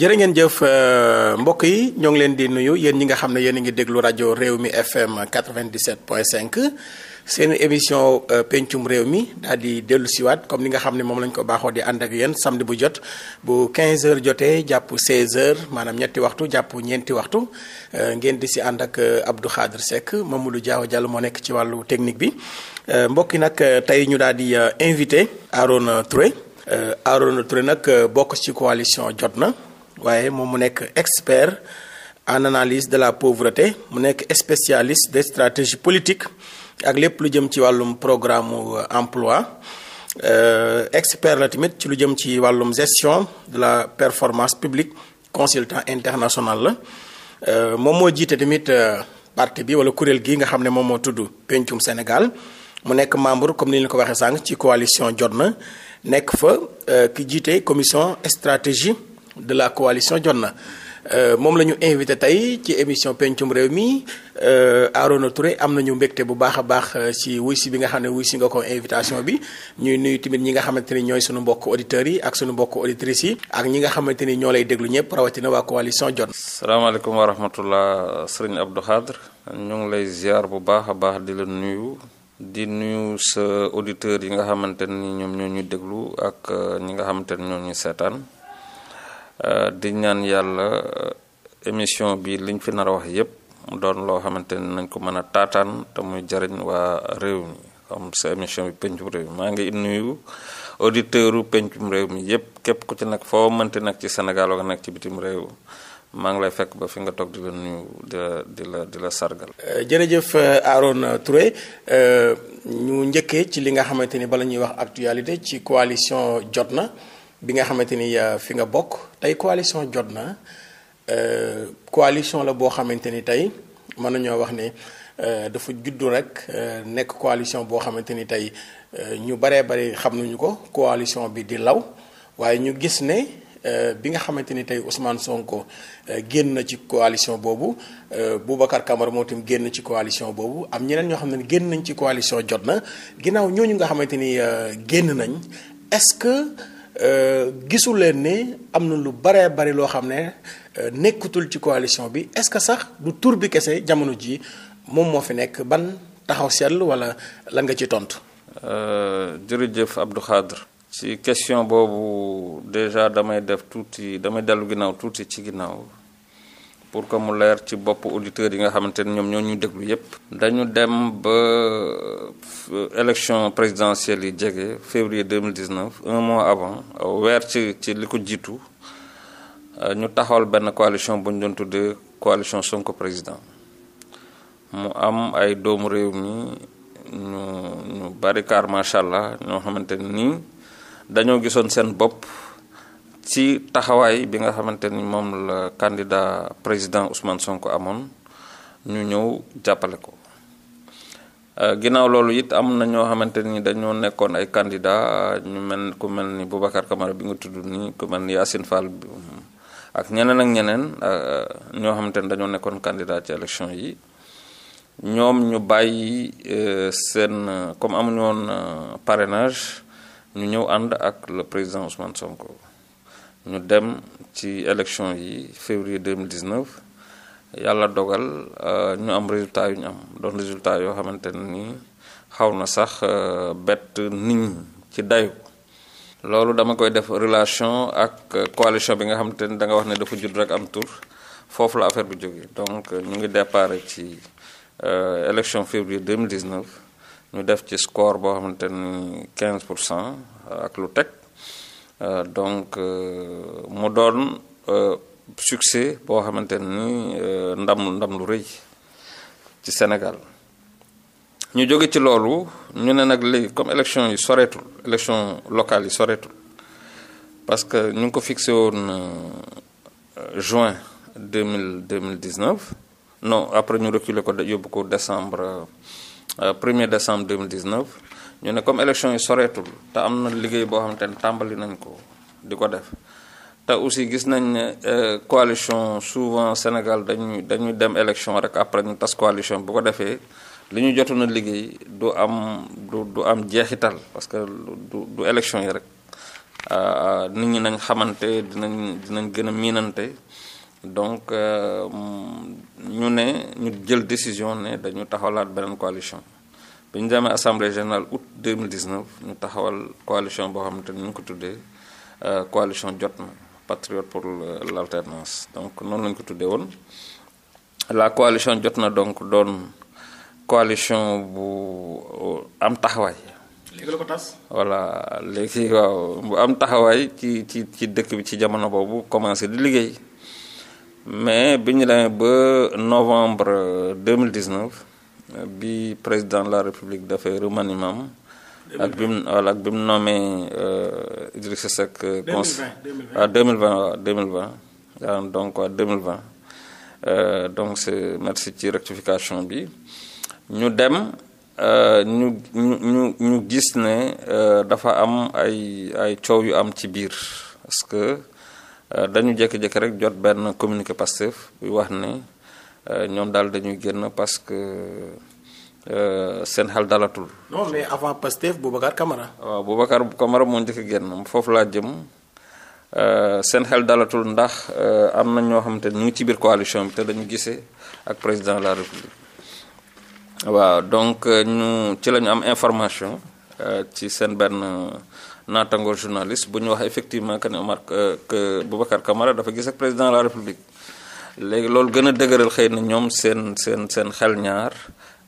jërë ngeen jëf euh, mbokk yi ñoo ngi leen di nuyu yéen ñi nga xam ne yéen a ngi déglu rajo réew mi FM 97.5 seen émission euh, pencum réew mi daal di dellu siwaat comme ni nga xam ne moom lañu ko baaxoo di ànd ak yéen samedi bu jot bu 15 heures jotee jàpp 16 heures maanaam ñetti waxtu jàpp ñeenti waxtu euh, ngeen di si ànd ak Abdou Khadre Seck Mamadou Diaw Diallo moo nekk ci wàllu technique bi mbokk yi nag tey ñu daal di invité Arona Touré Arona Touré nag bokk ci coalition jot na. waaye moom mu nekk expert en analyse de la pauvreté mu nekk spécialiste de stratégies politique ak lépp lu jëm ci wàllum programme emploi euh, expert la tamit ci lu jëm ci wàllum gestion de la performance publique consultant international la euh, moom moo jiite tamit euh, parti bi wala kuréel gi nga xam ne moom moo tudd Pencum Sénégal mu nekk membre comme ni ñu ko waxee sànq ci coalition na nekk fa ki jiite commission stratégie de la coalition jot na euh, moom la ñu invité tey ci émission pencum réew mi euh, Arona Touré am nañu mbégte bu baax a baax euh, ci wuy si bi nga xam ne wuy si nga ko invitation bi ñuy nuyu tamit ñi nga xamante ni ñooy suñu mbokk auditeurs yi ak suñu mbokk auditrices yi ak ñi nga xamante ni ñoo lay déglu ñëpp rawatina waa coalition jot na. salaamaaleykum wa rahmatullah sëriñ Abdou Khadre ñu ngi lay ziar bu baax a baax di la nuyu. di nuyu sa auditeurs yi nga xamante ni ñoom ñoo ñu déglu ak ñi nga xamante ni ñoo ñuy seetaan. Euh, di ñaan yàlla euh, émission bi liñ fi nar a wax yépp mu doon loo xamante ni nañ ko mën a taataan te muy jariñ waa réew mi am sa émission bi pencum réew mi maa ngi nuyu auditeur u pencum réew mi yépp képp ku ci nekk foo mënti nekk ci Sénégal wala nekk ci bitim réew maa ngi lay fekk ba fi nga toog di la nuyu di la di la sargal. Euh, jërëjëf Arona Touré ñu njëkkee ci li nga xamante ni bala ñuy wax actualité ci coalition na bi nga xamante ni euh, fi nga bokk tey coalition jot na euh, coalition la boo xamante ni tey mën nañoo wax ne euh, dafa juddu rek nekk coalition boo xamante ni tey ñu baree bari xam nañu ko coalition bi di law waaye ñu gis ne bi nga xamante ni tey Ousmane Sonko génn na ci coalition boobu Boubacar Camara moo tam génn ci coalition boobu am ñeneen ñoo xam ne génn nañ ci coalition jot na ginnaaw ñooñu nga xamante ni génn nañ Euh, gisu leen ni am na lu baree bari loo xam ne euh, nekkatul ci coalition bi est-ce que sax du tur bi kese jamono ji moom moo fi nekk ban taxaw seetlu wala lan nga ci tontu. Euh, jërëjëf Abdou Khadre ci question boobu déjà damay def tuuti damay dellu ginnaaw tuuti ci ginnaaw. pour que mu leer ci bopp auditeurs yi nga xamante ne ñoom ñoo ñu déglu yépp dañu dem ba euh, élection présidentielle yi jege deux mille février 2019 un mois avant euh, weer ci ci li ko jiitu euh, ñu taxawal benn coalition bu ñu tudde tuddee coalition ko président mu am ay doomu réew mi ñu ñu bari kaar macha allah ñoo xamante ni dañoo gisoon seen bopp. ci taxawaay bi nga xamante ni moom la candidat président Ousmane Sonko amoon ñu ñëw jàppale ko euh, ginnaaw loolu it am na ñoo xamante ni dañoo nekkoon ay candidat ñu mel ku mel ni Boubacar Camara bi nga tudd nii ku mel ni Yacine Fall ak ñeneen ak ñeneen euh, ñoo xamante ni dañoo nekkoon candidat ci élection yi ñoom ñu bàyyi euh, seen comme amuñu woon parenage ñu ñëw ànd ak le président Ousmane Sonko. ñu dem ci élection yi février 2019 yàlla dogal euh, ñu am résultat yu ñu am doon résultat yoo xamante ne nii xaw na sax euh, bett nit ñi ci dayu loolu dama koy def relation ak euh, coalition bi nga xamante ni da nga wax ne dafa judd rek am tur foofu la affaire bi jóge donc ñu ngi départ ci élection février 2019 ñu def ci score boo xamante ni 15 pour cent ak lu teg Euh, donc euh, mu doon euh, succès boo xamante ni ndam ndam lu rëy ci Sénégal ñu jóge ci loolu ñu ne nag léegi comme élection yi soreetul élection locale yi soreetul parce que ñu ngi ko fixé woon juin deux mille deux mille dix-neuf no après ñu reculer ko de yóbbu ko décembre premier décembre deux mille dix-neuf ñu ne comme élection yi soreetul te am na liggéey boo xamante ne tàmbali nañ ko di ko def te aussi gis nañ ne euh, coalition souvent Sénégal dañuy dañuy dem élection rek après ñu tas coalition bu ko defee li ñu jotoon a liggéey du am du am jeexital parce que du du yi rek euh, euh, nit ñi nañ xamante dinañ dinañ gën a miinante donc ñu ne ñu jël décision ne dañu taxawlaat beneen coalition bi ñu demee assemblée générale août 2019 ñu taxawal coalition boo xamante ni ñu ngi ko tuddee euh, coalition Jotna patriote pour l'alternance donc noonu lañu ko tuddee woon la coalition na donc doon coalition bu euh, am taxawaay. léegi la ko léegi waaw bu am taxawaay ci ci ci dëkk bi ci jamono boobu commencé di liggéey mais bi demee ba novembre 2019. Euh, bi président de la république dafay mam ak bi mu voilà ak bi mu nommé euh, Idrissa Seck. Euh, cons ah 2020 waaw 2020 waaw ah, donc waaw 2020 euh, donc c'est merci ci bi ñu dem ñu ñu ñu gis ne dafa am ay ay coow yu am ci biir parce que dañu jékki-jékki rek jot benn communiqué Pastef buy wax ne. Euh, ñoom daal dañuy génn parce que euh, seen xel dalatul. non mais avant Pastef Boubacar Camara. waaw Boubacar Camara moo njëkk a génn foofu laa jëm euh, seen xel dalatul ndax am na ñoo xam te ñu ngi ci biir coalition bi te dañu gisee ak président la république. waaw donc ñu ci lañu am information ci seen benn naatango journaliste bu ñu wax effectivement que ne Omar que Boubacar Camara dafa gis ak président la république. léegi loolu gën a dëgëral xëy na ñoom seen seen seen xel ñaar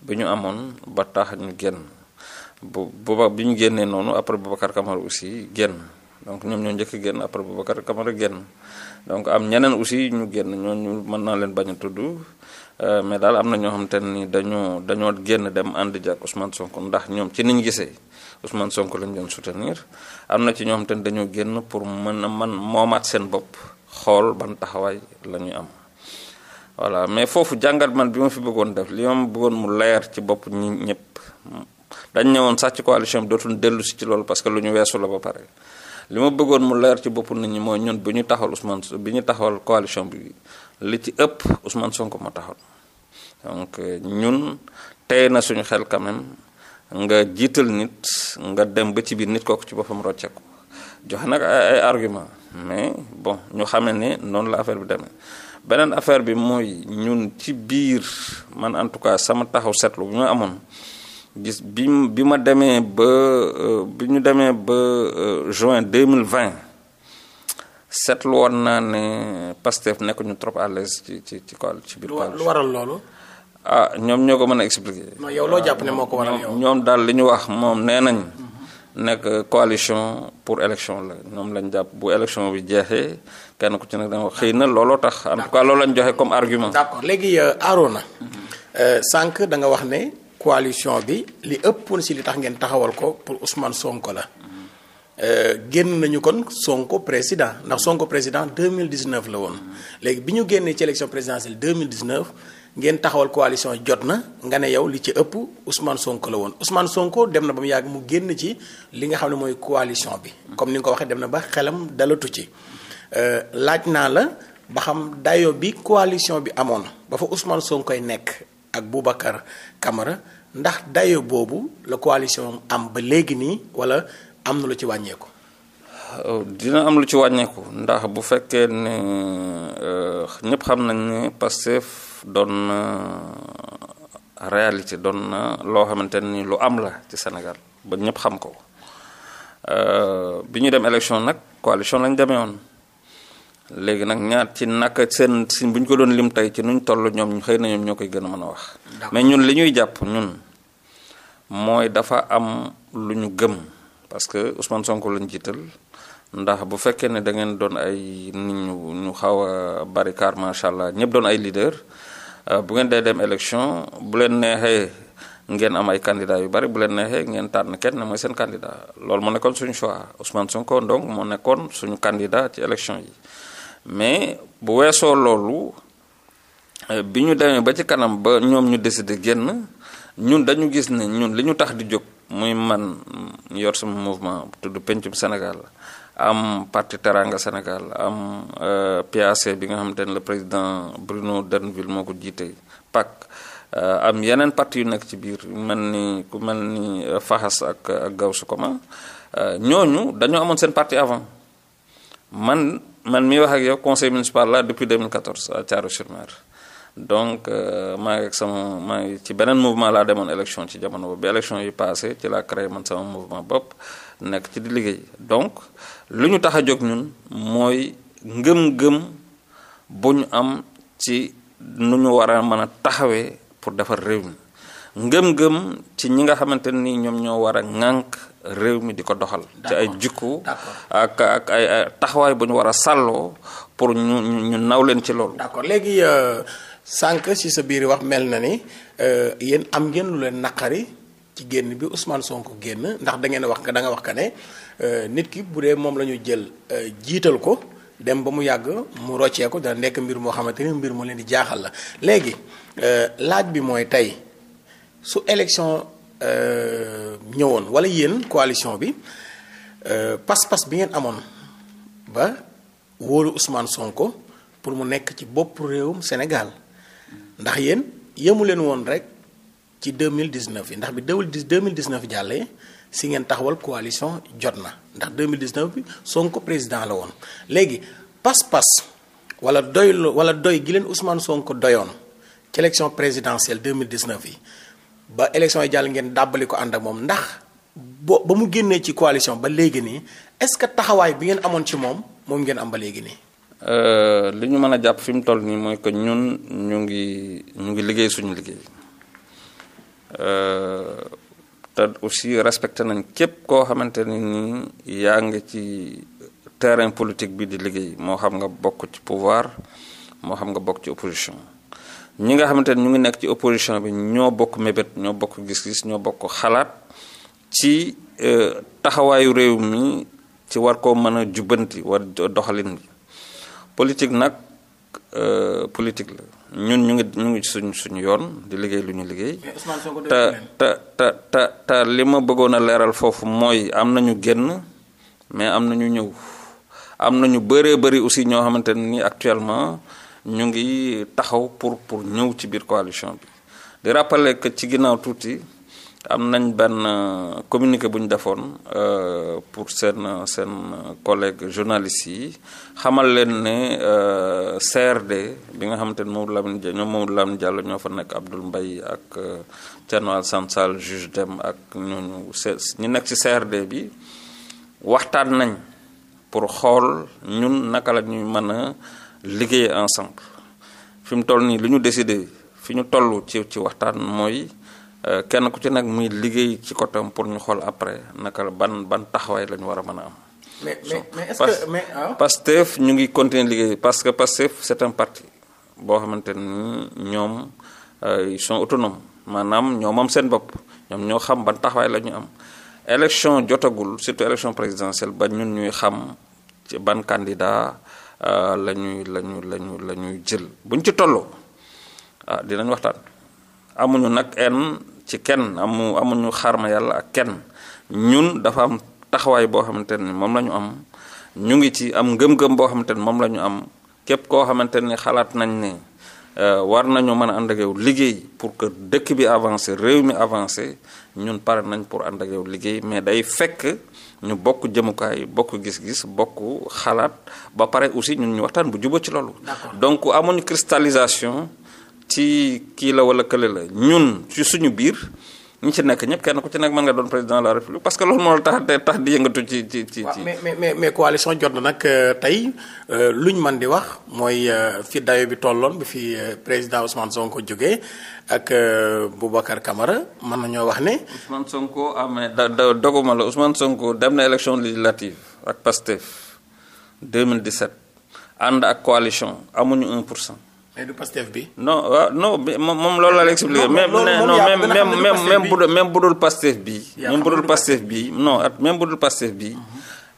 bi ñu amoon ba tax ñu génn bu booba bi ñu génnee noonu après Boubacar Camara aussi génn donc ñoom ñoo njëkk génn après Boubacar Camara génn donc am ñeneen aussi ñu génn ñu mën naa leen bañ a tudd euh, mais daal am na ñoo xam te ni dañoo dañoo génn dem ànd ak Ousmane Sonko ndax ñoom ci niñ gisee Ousmane Sonko lañ doon soutenir am na ci ñoo xam te dañoo génn pour mën a man moomaat seen bopp xool ban taxawaay la ñu am voilà mais foofu jàngat man bi ma fi bëggoon def li ma bëggoon mu leer ci bopp ñi ñëpp dañ ñëwoon sax ci coalition bi dootul dellu si ci loolu parce que lu ñu weesu la ba pare li ma bëggoon mu leer ci bopp nit ñi mooy ñun bi ñu taxawal usman bi ñu taxawal coalition bi li ci ëpp Ousmane Sonko moo taxawal donc ñun tey na suñu xel quand nga jiital nit nga dem ba ci biir nit kooku ci boppam rocceeku joxe nag ay argument mais bon ñu xamee ne noonu la affaire bi demee beneen affaire bi mooy ñun ci biir man en tout cas sama taxu seetlu bi ma amoon gis bi bi ma demee ba euh, bi ñu demee ba euh, juin 2020 seetlu woon naa ne Pastef nekk ñu trop à l'aise ci ci ci ko ci biir lu waral loolu ah ñoom ñoo ko mën a expliquer. yow loo jàpp ne moo ko waral ñoom daal li ñu wax moom nee nañ hmm. nekk coalition pour élection la ñoom lañ jàpp bu élection bi jeexee kenn ko ci nekk danga xëy na looloo tax. en tout lañ joxe comme argument. d'accord léegi euh, Arona. Euh, sànq da nga wax ne coalition bi li ëpp ëppoon si li tax ngeen taxawal ko pour Ousmane Sonko la. Euh, génn nañu kon Sonko président ndax Sonko président 2019 la woon léegi bi ñu génnee ci élection présidentielle 2019 ngeen taxawal coalition jot na nga ne yow li ci ëpp Ousmane Sonko la woon Ousmane Sonko dem na ba mu yàgg mu génn ci li nga xam ne mooy coalition bi. comme ni nga ko waxee dem na ba xelam dalatu ci euh, laaj naa la ba xam dayo bi coalition bi amoon ba fa Ousmane Sonkoy nekk ak Boubacar kamara ndax dayo boobu la coalition am ba léegi nii wala am na lu ci wàññeeku. Euh, dina am lu ci wàññeeku ndax bu fekkee ne euh, ñëpp xam na ne Pastef doon na euh, réalité doon na euh, loo xamante ni lu am la ci Sénégal ba ñëpp xam ko euh, bi ñu dem élection nag coalition lañ demee woon léegi nag ñaar ci naka seen si buñ ko doon lim tey ci nuñ toll ñoom xëy na ñoo koy gën a mën a wax. mais ñun li ñuy jàpp ñun mooy dafa am lu ñu gëm parce que Ousmane Sonko lañ jiital ndax bu fekkee ne da ngeen doon ay nit ñu ñu xaw a bari car allah ñëpp doon ay leader Euh, bu ngeen dee dem élection bu leen neexee ngeen am ay candidat yu bari bu leen neexee ngeen tànn kenn mooy seen candidat loolu moo nekkoon suñu choix Ousmane Sonko donc moo nekkoon suñu candidat ci élection yi mais bu weesoo loolu euh, bi ñu demee ba ci kanam ba ñoom ñu décider génn ñun dañu gis ne ñun li ñu tax di jóg muy man yor sama mouvement tudd pencum Sénégal am parti Teranga Sénégal am euh, PAC bi nga xam te ne le président Bruno Denville moo ko jiite PAC euh, am yeneen parti yu nekk ci biir man ni ku mel ni euh, Faxas ak ak Gaoussou Koma ñooñu dañoo amoon seen parti avant man man mi wax ak yow conseil municipal la depuis 2014 à Thiaroye-sur-Mer donc maa ngi ak sama maa ngi ci beneen mouvement laa demoon élection ci jamono boobu bi élection yi passé ci laa créé man sama mouvement bopp nekk ci di liggéey donc lu ñu tax a jóg ñun mooy ngëm-ngëm bu ñu am ci nu ñu war a mën a taxawee pour defar réew mi ngëm-ngëm ci ñi nga xamante ni ñoom ñoo war a ŋànk réew mi di ko doxal. ci ay jikko ak ay taxawaay bu ñu war a sàlloo pour ñu ñu naw leen ci loolu. d'accord léegi euh, sànq si sa biir wax mel na ni euh, yéen am ngeen lu leen naqari ci génn bi Ousmane sonk génn ndax da ngeen wax da nga wax ka ne. Euh, nit ki bu dee moom la ñu jël euh, jiital ko dem ba mu yàgg mu roccee ko dana nekk mbir moo xamante ni mbir moo leen di jaaxal la léegi euh, laaj bi mooy tey su élection ñëwoon wala yéen coalition bi pas-pas bi ngeen amoon ba wóolu Ousmane Sonko pour mu nekk ci bopp réewum Sénégal ndax yéen yemu leen woon rek ci 2019 yi ndax bi 2019 jàllee si ngeen taxawal coalition jot na ndax 2019 bi Sonko président la woon léegi pas-pas wala doy wala doy gi leen Ousmane Sonko doyoon ci élection présidentielle 2019 yi ba élection yi jàll ngeen dàbbali ko ànd ak moom ndax bo ba mu génnee ci coalition ba léegi nii est-ce que taxawaay bi ngeen amoon ci moom moom ngeen am ba léegi nii. Euh, li ñu mën a jàpp fi mu toll nii mooy que ñun ñu ngi ñu ngi liggéey suñu liggéey. Euh, te aussi respecté nañ képp koo xamante ne ni yaa ngi ci terrain politique bi di liggéey moo xam nga bokk ci pouvoir moo xam nga bokk ci opposition ñi nga xamante ni ñu ngi nekk ci opposition bi ñoo bokk mébét ñoo bokk gis-gis ñoo bokk xalaat ci euh, taxawaayu réew mi ci war koo mën a jubbanti war doxalin bi politique nag euh, politique la ñun ñu ngi ñu ngi suñ suñu yoon di liggéey lu ñu liggéey. te te te li ma bëggoon a leeral foofu mooy am na ñu génn mais am na ñu ñëw am na ñu bëree bëri aussi ñoo xamante ne ni actuellement ñu ngi taxaw pour pour ñëw ci biir coalition bi di rappeler que ci ginnaaw tuuti. am nañ benn euh, communiqué bu ñu defoon euh, pour seen seen collègue journalistes yi xamal leen ne euh, CRD bi nga xamante ne moom Lamine Dia ñoom Mamadou Lamine ñoo fa nekk Abdoul Mbaye ak Thierno Alassane Sall juge Dème ak ñooñu ñu nekk ci CRD bi waxtaan nañ pour xool ñun naka la ñuy mën a liggéey ensemble fi mu toll nii li ñu décidé fi ñu toll ci ci waxtaan mooy Euh, kenn ku ci nag muy liggéey ci côtéam pour ñu xool après naka ban ban taxawaay lañu war a mën a am. mais mais est-ce que mais ah. Pastef ñu ngi continuer liggéey parce que Pastef c'est un parti boo xamante ni ñoom euh, ils sont autonomes maanaam ñoo moom seen bopp ñoom ñoo xam ban taxawaay lañu am. élection jotagul surtout élection présidentielle ba ñun ñuy xam ci ban candidat euh, la ñuy la ñu la ñu la ñuy jël buñ ci tolloo ah dinañ waxtaan amuñu nag en ci kenn amu amuñu xarma yàlla ak kenn ñun dafa am taxawaay boo xamante ni moom la ñu am ñu ngi ci am ngëm-ngëm boo xamante ni moom la ñu am képp koo xamante ni xalaat nañ ni euh, war nañu mën a ànd liggéey pour que dëkk bi avancé réew mi avancé ñun pare nañ pour ànd ak liggéey mais day fekk ñu bokk jëmukaay bokk gis-gis bokk xalaat ba pare aussi ñun ñu waxtaan bu juba ci loolu donc amuñu cristallisation ci kii la wala kële la ñun ci suñu biir ñu ci nekk ñëpp kenn ku ci nekk mën nga doon président la république parce que loolu moo tax tax di yëngatu ci ci ci. waaw mais mais mais coalition jot na nag euh, tey euh, luñ man di wax mooy euh, fi dayo bi tolloon bi fi président Ousmane Sonko jógee ak Boubacar kamara mën nañoo wax ne. Ousmane Sonko ah mais doguma la Ousmane Sonko dem na élection législative ak PASTEF 2017 ànd ak coalition amuñu 1 pour cent. mais du moom moom loolu la la expliqué. même non même même même bu même bu dul Pastef bi. même bu dul Pastef bi non at même bu dul Pastef bi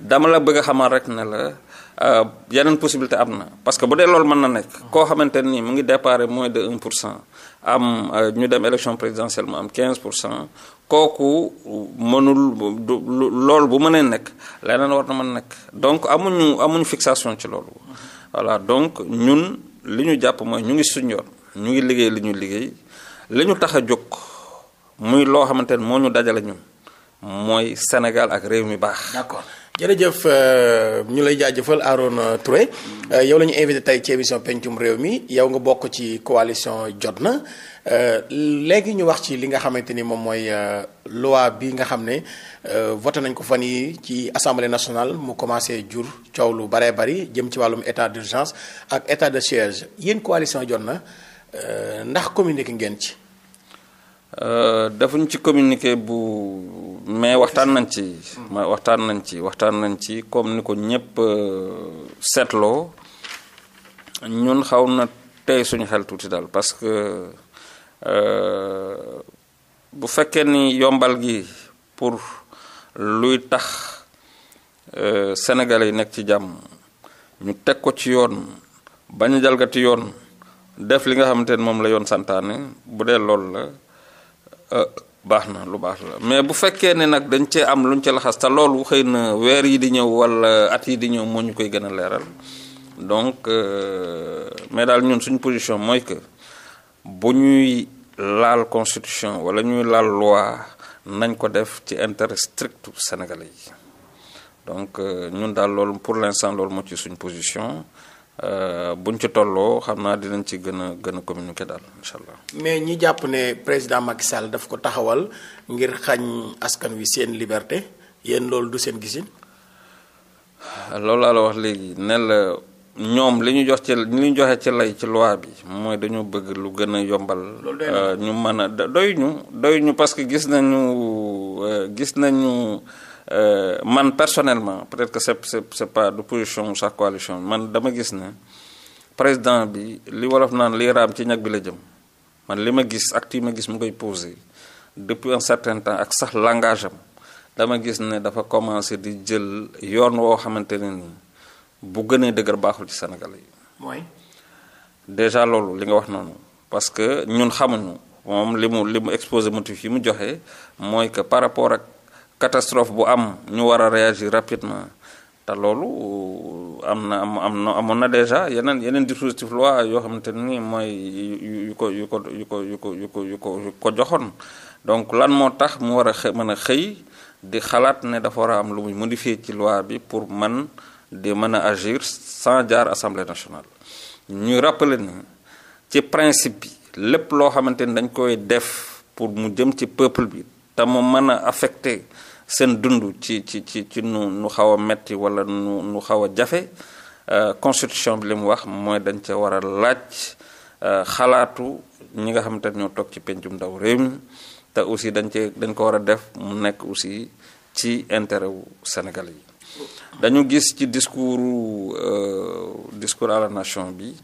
dama la bëgg a xamal rek ne la euh, yeneen possibilité am na parce que bu dee loolu mën na nekk. Mhm. koo xamante nii mu ngi déparé moins de pour cent am euh, ñu dem élection présidentielle mu am 15 pour cent kooku mënul du loolu bu mënee nekk leneen war na mën nekk donc amuñu amuñu fixation ci loolu. Mhm. voilà donc ñun. li ñu jàpp mooy ñu ngi suñ ñu ngi liggéey li ñu liggéey li ñu tax a jóg muy loo xamante ne moo ñu dajale ñun mooy Sénégal ak réew mi baax. d'accord jërëjëf euh, ñu lay jaajëfal Arona Touré euh, yow lañu invité tey ci émission pencum réew mi yow nga bokk ci jot na Euh, léegi ñu wax ci li nga xamante ni moom mooy euh, loi bi nga xam ne euh, voté nañ ko fan yi ci assemblée nationale mu commencé jur coow lu baree bari jëm ci wàllum état d'urgence ak état de siège yéen coalition jot na ndax communiqué ngeen ci. defuñ ci communiqué bu mais waxtaan nañ ci. ma waxtaan nañ ci waxtaan nañ ci comme ni ko ñëpp seetloo ñun xaw na tey suñu xel tuuti daal parce que. Euh, bu fekkee ni yombal gi pour luy tax euh, sénégalais yi nekk ci jàmm ñu teg ko ci yoon bañ a jalgati yoon def li nga xamante ne moom la yoon santaane bu dee loolu la euh, baax na lu baax la mais bu fekkee ne nag dañ cee am luñ ci laxas te loolu xëy na weer yi di ñëw wala at yi di ñëw moo ñu koy gën a leeral donc mais daal ñun suñu position mooy que bu ñuy laal constitution wala ñuy laal loi nañ ko def ci intérêt strict sénégalais yi donc euh, ñun daal loolu pour l'instant loolu moo ci suñ position euh, buñ ci tolloo xam naa dinañ ci gën a gën a daal incha allah. mais ñi jàpp ne président Macky Sall daf ko taxawal ngir xañ askan wi seen liberté yéen loolu du seen gisin. loolu laa wax léegi ne la. ñoom li ñu jox ci li ñu joxe ci lay ci loi bi mooy dañoo bëgg lu gën a yombal. Euh, ñu mën a doy ñu doy ñu parce que gis nañu euh, gis nañu euh, man personnellement peut-être que c'est c'est pas de position sax coalition man dama gis ne président bi li wolof naan li raam ci ñag bi la jëm man li ma gis acte yi ma gis mu koy posé depuis un temps ak sax langage am dama gis ne dafa commencé di jël yoon woo xamante ne nii. bu gënee dëgër baaxul ci Sénégalais yi. mooy. déjà loolu li nga wax noonu parce que ñun xamuñu moom li mu li mu exposé motif yi mu joxe mooy que par rapport ak catastrophe bu am ñu war a réagir rapidement te loolu euh, am na am am na amoon na déjà yeneen yeneen dispositif loi yoo xamante ni mooy yu ko yu ko yu ko yu ko yu ko yu ko joxoon donc lan moo tax mu war a xë mën a xëy di xalaat ne dafa war a am lu muy modifier ci loi bi pour man. di mën a agir sans jaar assemblée nationale ñu rappeler ni ci principe bi lépp loo xamante ni dañ koy def pour mu jëm ci peuple bi te mu mën a affecté seen dund ci ci ci ci nu nu xaw a metti wala nu nu xaw a jafe euh, constitution bi li wax mooy dañ ca war a laaj euh, xalaatu ñi nga xamante ne ñoo toog ci pencum ndaw réew mi te aussi dañ cee dañ ko war a def mu nekk aussi ci intérêt wu Sénégal yi dañu gis ci discours euh, discours à bi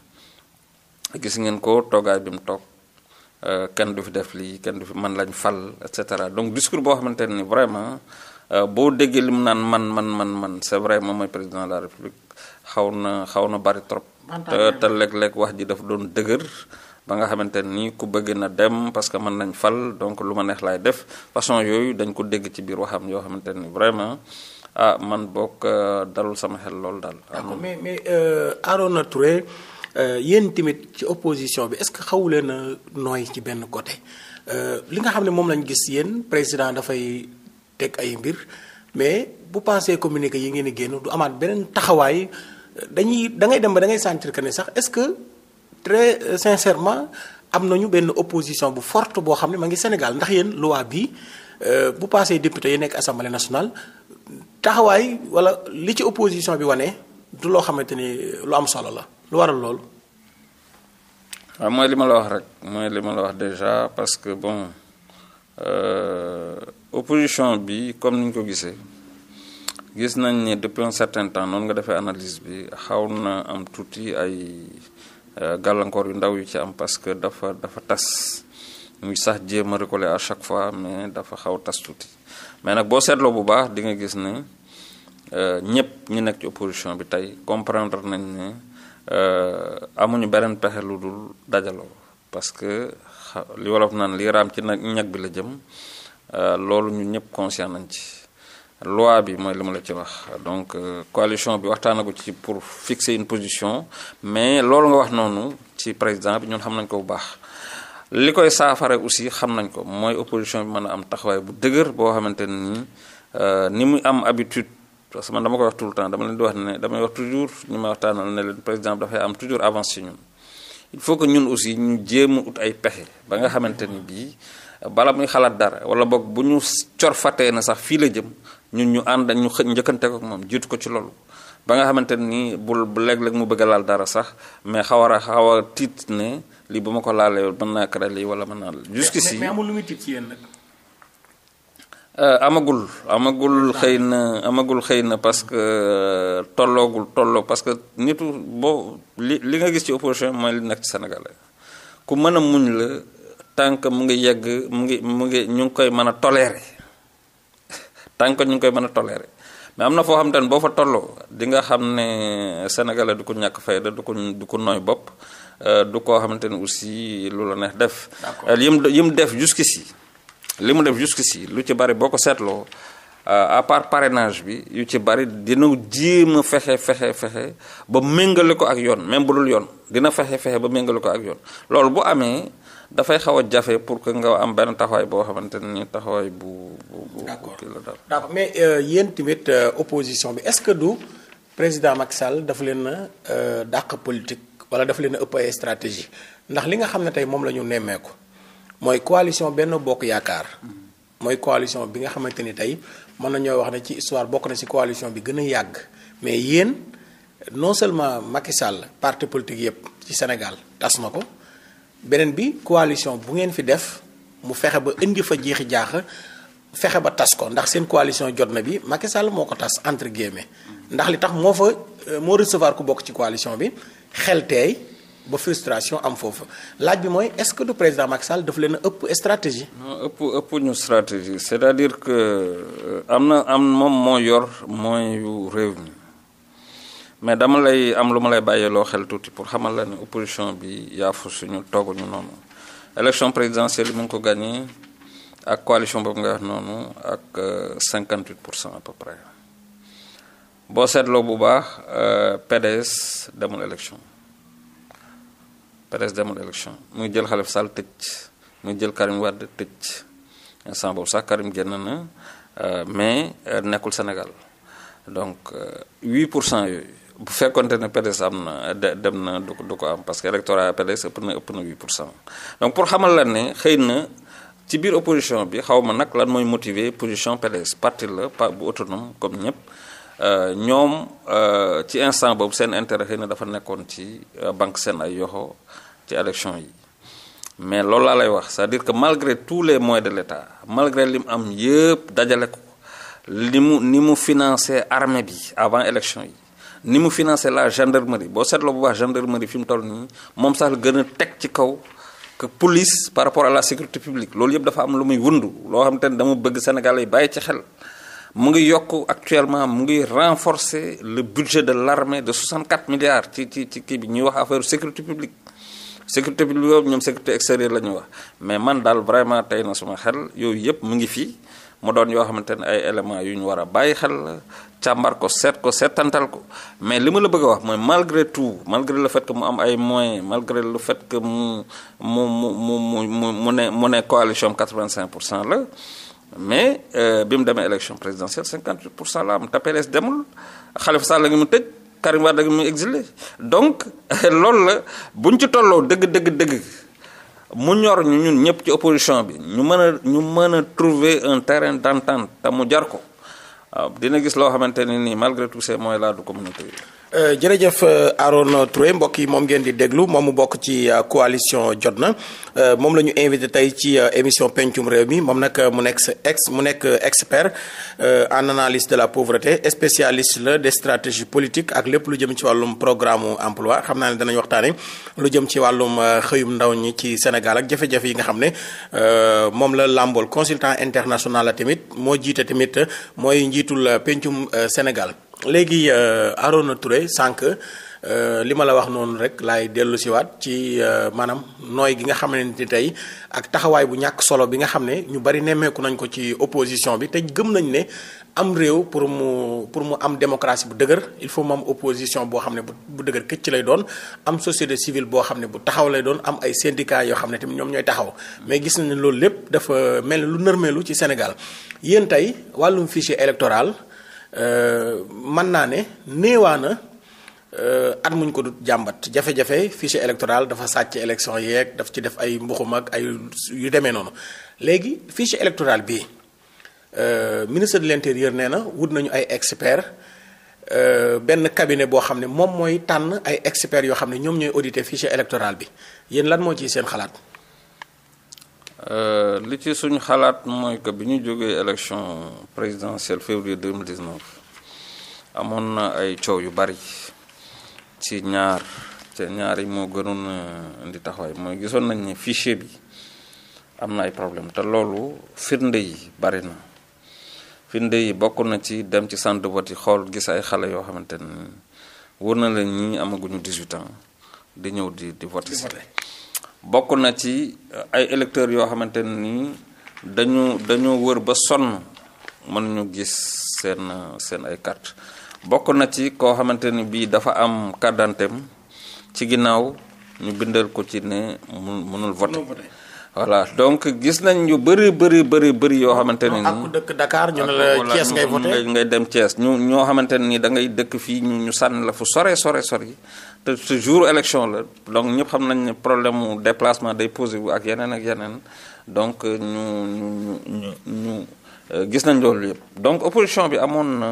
gis ngeen ko toogaay bi mu toog euh, kenn du fi def lii kenn du fi man lañ fal et cetera donc discours boo xamante ne ni vraiment euh, boo déggee li mu naan man man man man c'est vrai moom mooy président de la république xaw na xaw na bari trop. te te léeg wax ji dafa doon dëgër. ba nga xamante ni ku bëgg na dem parce que mën nañ fal donc lu ma neex laay def façon yooyu dañ ko dégg ci biir waxam yoo xamante ni vraiment. ah man bokk ah, dalul sama xel loolu daal. Ah, d'accord mais mais euh, Arona Touré euh, yéen tamit ci opposition bi est-ce que xawu leen a nooy ci benn côté euh, li nga xam ne moom lañ gis yéen président dafay teg ay mbir mais bu pensé communiqué yi ngeen di génn du amaat beneen taxawaay dañuy da ngay dem ba da ngay sentir que ne sax est-ce que très sincèrement. am na ñu benn opposition bu forte boo xam ne ma ngi Sénégal ndax yéen loi bi bu passé député yi nekk assemblée nationale taxawaay wala li ci opposition bi wane du loo xamante ni lu am solo la lu waral loolu. waaw ah, mooy li ma la wax rek mooy li ma la wax déjà parce que bon euh, opposition bi comme ni ñu ko gisee gis nañ ne depuis un certain temps noonu nga defee analyse bi xaw na am tuuti ay euh, gàllankoor yu ndaw yu ci am parce que dafa dafa tas. mu ngi sax jéem a recoller à chaque fois mais dafa xaw tas tuuti mais nag boo seetloo bu baax di nga gis ne euh, ñëpp ñu nekk ci opposition bi tey comprendre nañ ne euh, amuñu beneen pexe lu dul dajaloo parce que li wolof naan li raam ci nag ñag bi la jëm euh, loolu ñu ñëpp conscient nañ ci loi bi mooy li ma la ci wax donc coalition bi waxtaanagu ci pour fixer une position mais loolu nga wax noonu ci président bi ñun xam nañ ko bu baax li koy saafara aussi xam nañ ko mooy opposition bi mën a am taxawaay bu dëgër boo xamante ni euh, ni muy am habitude parce que man dama koy wax tout le temps dama leen di wax ne damay wax toujours ni ma waxtaanal leen président dafay am toujours avance ci ñun il faut que ñun aussi ñu jéem ut ay pexe ba nga xamante ni bii bala muy xalaat dara wala boog bu ñu cor fatee na sax fii la jëm ñun ñu ànd ñu xë njëkkante ko moom jiitu ko ci loolu ba nga xamante nii bu léeg-léeg mu bëgg laal dara sax mais xaw a xaw a tiit ne lii bu ma ko laalee mën naa créer lii wala mën naa jusqu'ici mais amul lu muy tiit ci euh, amagul amagul xëy na amagul xëy na parce que euh, tolloogul tolloo parce que nitu boo li li nga gis ci opposition mooy li nekk ci Sénégal ku mën a muñ la tànk mu ngi yegg mu ngi mu ngi ñu ngi koy mën a tolérer tànk ñu ngi koy mën a tolérer mais am na foo xam te ne boo fa tolloo di nga xam ne sénégalais du ko ñàkk fayda du ko du ko nooy bopp Euh, du koo xamante ne aussi lu la neex def. Euh, yim yim def jusqu'ici li mu def jusqu'ici lu ci bari boo ko seetloo euh, à part parrainage bi yu ci bari dina jéem a fexe fexe fexe ba méngale ko ak yoon même bu dul yoon dina fexe fexe ba méngale ko ak yoon loolu bu amee. dafay xaw a jafe pour que nga am benn taxawaay boo xamante ni taxawaay bu bu. d'accord d'accord mais yéen opposition bi est-ce que du président Macky Sall dafa leen a dàq politique. wala dafa leen ëpp ay stratégie ndax li nga xam ne tey moom la ñu nemmeeku mooy coalition benn bokk yaakaar mooy coalition bi nga xamante ni tey mën nañoo wax ne ci histoire bokk na ci coalition bi gën a yàgg mais yéen non seulement Macky Sall parti politique yëpp ci Sénégal tas ma ko beneen bi coalition bu ngeen fi def mu fexe ba indi fa jeexi jaax fexe ba tas ko ndax seen coalition jot na bi Macky moo ko tas entre guillemets ndax li tax moo fa moo recevoir ku bokk ci coalition bi xel teey ba frustration am foofu laaj bi mooy est-ce que du président Macky Sall daf leen ëpp stratégie. non ëpp ëpp ñu stratégie c'est-à-dire que euh, am na am moom moo yor moyens réew mi mais dama lay am lu ma lay bàyyee loo xel tuuti pour xamal la ne opposition bi yaafu suñu tooguñu noonu élection présidentielle mu ngi ko gagné ak coalition boobu nga wax noonu ak 58 euh, pour cent à près. boo seetloo bu baax euh, PDS demul élection PDS demul élection muy jël Khalifa Sall tëj muy jël Karim Wade tëj instant boobu sax Karim génn na euh, mais euh, nekkul Sénégal donc 8 pour cent yooyu bu fekkonte ne PDS am na de dem na du du ko am parce que électorat PDS ëpp na ëpp na 8 pour cent donc pour xamal la ne xëy na ci biir opposition bi xaw ma nag lan mooy motiver position PDS parti la bu autonome comme ñëpp. Euh, ñoom euh, ci instant boobu seen intérêt xëy na dafa nekkoon ci euh, banque seen ay yoxo ci élection yi mais loolu laa lay wax c'est-à-dire que malgré tous les mois de l'État malgré li mu am yëpp dajale ko li mu ni mu financer armée bi avant élection yi ni mu financé la gendarmerie boo seetloo bu baax gendarmerie fi mu toll nii moom sax la gën a teg ci kaw que police par rapport à la sécurité publique loolu yëpp dafa am lu muy wundu loo xam te ne dama bëgg Sénégal yi bàyyi ci xel mu ngi yokk actuellement mu ngi renforcer le budget de l'armée de 64 milliards ci ci ci kii bi ñuy wax affaire sécurité publique sécurité publique yooyu ñoom sécurité extérieure la ñuy wax mais man daal vraiment tey na suma xel yooyu yëpp mu ngi fii mu doon yoo xamante ne ay éléments yu ñu war a bàyyi xel la càmbar ko seet ko seetantal ko mais li ma la bëgg a wax mooy malgré tout malgré le fait que mu am ay moyen malgré le fait que mu mu mu mu mu mu ne mu ne coalition 85 pour cent la mais euh, bi mu demee élection présidentielle 58 pour cent la am te demul Khalifa Sall ngi mu tëj Karim Wade la ngi mu exilé donc lool la bu buñ ci tolloo dëgg dëgg dëgg mu ñor ñu ñun ñëpp ci opposition bi ñu mën a ñu mën a trouver un terrain d'entente te mu jar ko waaw ah, dina gis loo xamante ne nii malgré tout ces moyens là du communauté Euh, jërëjëf euh, Arona Touré mbokk yi moom ngeen di déglu moom mu bokk ci euh, coalition jot na moom la ñu invité tey ci émission pencum réew mi moom nag mu nekk ex mu nekk expert en analyse de la pauvreté spécialiste la de stratégie politique ak lépp lu jëm ci wàllum programme emploi xam naa ni danañ waxtaane lu jëm ci wàllum xëyum ndaw ñi ci Sénégal ak jafe-jafe yi nga xam ne moom la làmbool consultant international la tamit moo jiite tamit mooy njiitul pencum Sénégal léegi euh, Arona Touré sànq euh, li ma la wax noonu rek laay dellu siwaat ci euh, maanaam nooy gi nga xam ne ni tey ak taxawaay bu ñàkk solo bi nga xam ne ñu bari nemmeeku nañ ko ci opposition bi te gëm nañ ne am réew pour mu pour mu am démocratie bu dëgër il faut mu am opposition boo xam ne bu dëgër këcc lay doon am société civile boo xam ne bu taxaw lay doon am ay syndicats yoo xam ne tamit ñoom ñooy taxaw mais gis nañ ne loolu lépp dafa mel lu nërmeelu ci Sénégal yéen tey wàllum fichier électoral mën naa ne néewaana euh, at muñ ko du jàmbat jafe-jafe fichier électoral dafa sàcc élection yeeg daf ci def ay mbuxum ak ay yu demee noonu léegi fichier électoral bii euh, ministre de l'intérieur nee na wut nañu ay experts euh, benn cabinet boo xam ne moom mooy tànn ay experts yoo xam ne ñoom ñooy auditer fichier électoral bi yéen lan moo ciy seen xalaat. Euh, li ci suñu xalaat mooy que bi ñu jógee élection présidentielle février 2019 amoon na ay coow yu bari ci ñaar te ñaar yi moo gënoon indi taxawaay mooy gisoon nañ ne fichier bi am na ay problème te loolu firnde yi bari na firnde yi bokk na ci dem ci centre de vote yi xool gis ay xale yoo xamante ne wóor na la ñi amaguñu 18 ans di ñëw di di vote bokk na ci euh, ay électeurs yoo xamante ni dañu dañu wër ba sonn mën ñu gis seen seen ay carte bokk na ci koo xamante ni bii dafa am carte ci ginnaaw ñu bindal ko ci ne mënul voter voilà donc gis nañ ñu bëri bëri bëri bëri yoo xamante ne nii. ak ku dëkk Dakar ñu ne la ngay dem Thiès ñu ñoo xamante ne nii da ngay dëkk fii ñu ñu sànn la fu sore sore sori te te jour élection la donc ñëpp xam nañ ne problème mu déplacement day posé wu ak yeneen ak yeneen donc ñu ñu ñu ñu euh, gis nañ loolu yëpp donc opposition bi amoon na.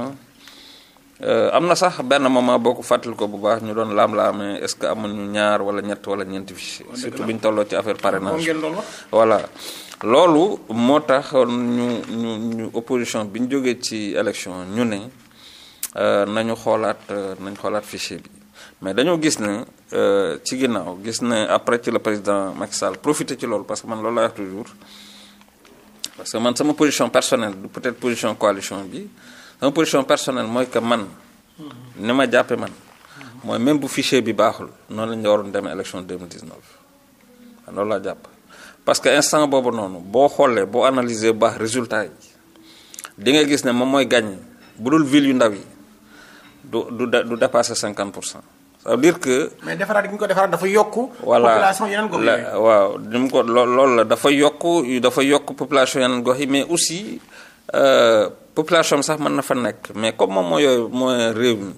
Euh, am na sax benn moment boo ko fàttali ko bu baax ñu doon laam-laamee est-ce que amuñu ñaar wala ñett wala ñeenti fi surtout bi ñu tolloo ci affaire parrainage voilà loolu moo tax ñu ñu ñu opposition bi ñu jógee ci élection ñu ne euh, nañu xoolaat euh, nañu xoolaat fichier bi mais dañoo gis ne ci ginnaaw gis ne après ci la président Macky Sall profité ci loolu parce que man loolu laa wax toujours parce que man sama position personnelle du peut-être position coalition bi sama position personnelle mooy que man ni ma jàppe man mooy même bu fichier bi baaxul noonu la waroon demee élection 2019 loolu laa jàpp parce que instant boobu noonu boo xoolee boo analyser bu baax résultat di nga gis ne moom mooy gagné bu dul ville yu ndaw yi du du du dépasser 50 pour cent. ça veut dire que. mais defaraat gi ko defaraat dafa yokk. population yeneen gox yi waaw loolu la dafa yokk dafa yokk population yeneen gox yi mais aussi. Euh, population sax mën na fa nekk mais comme moom moo mooy réew mi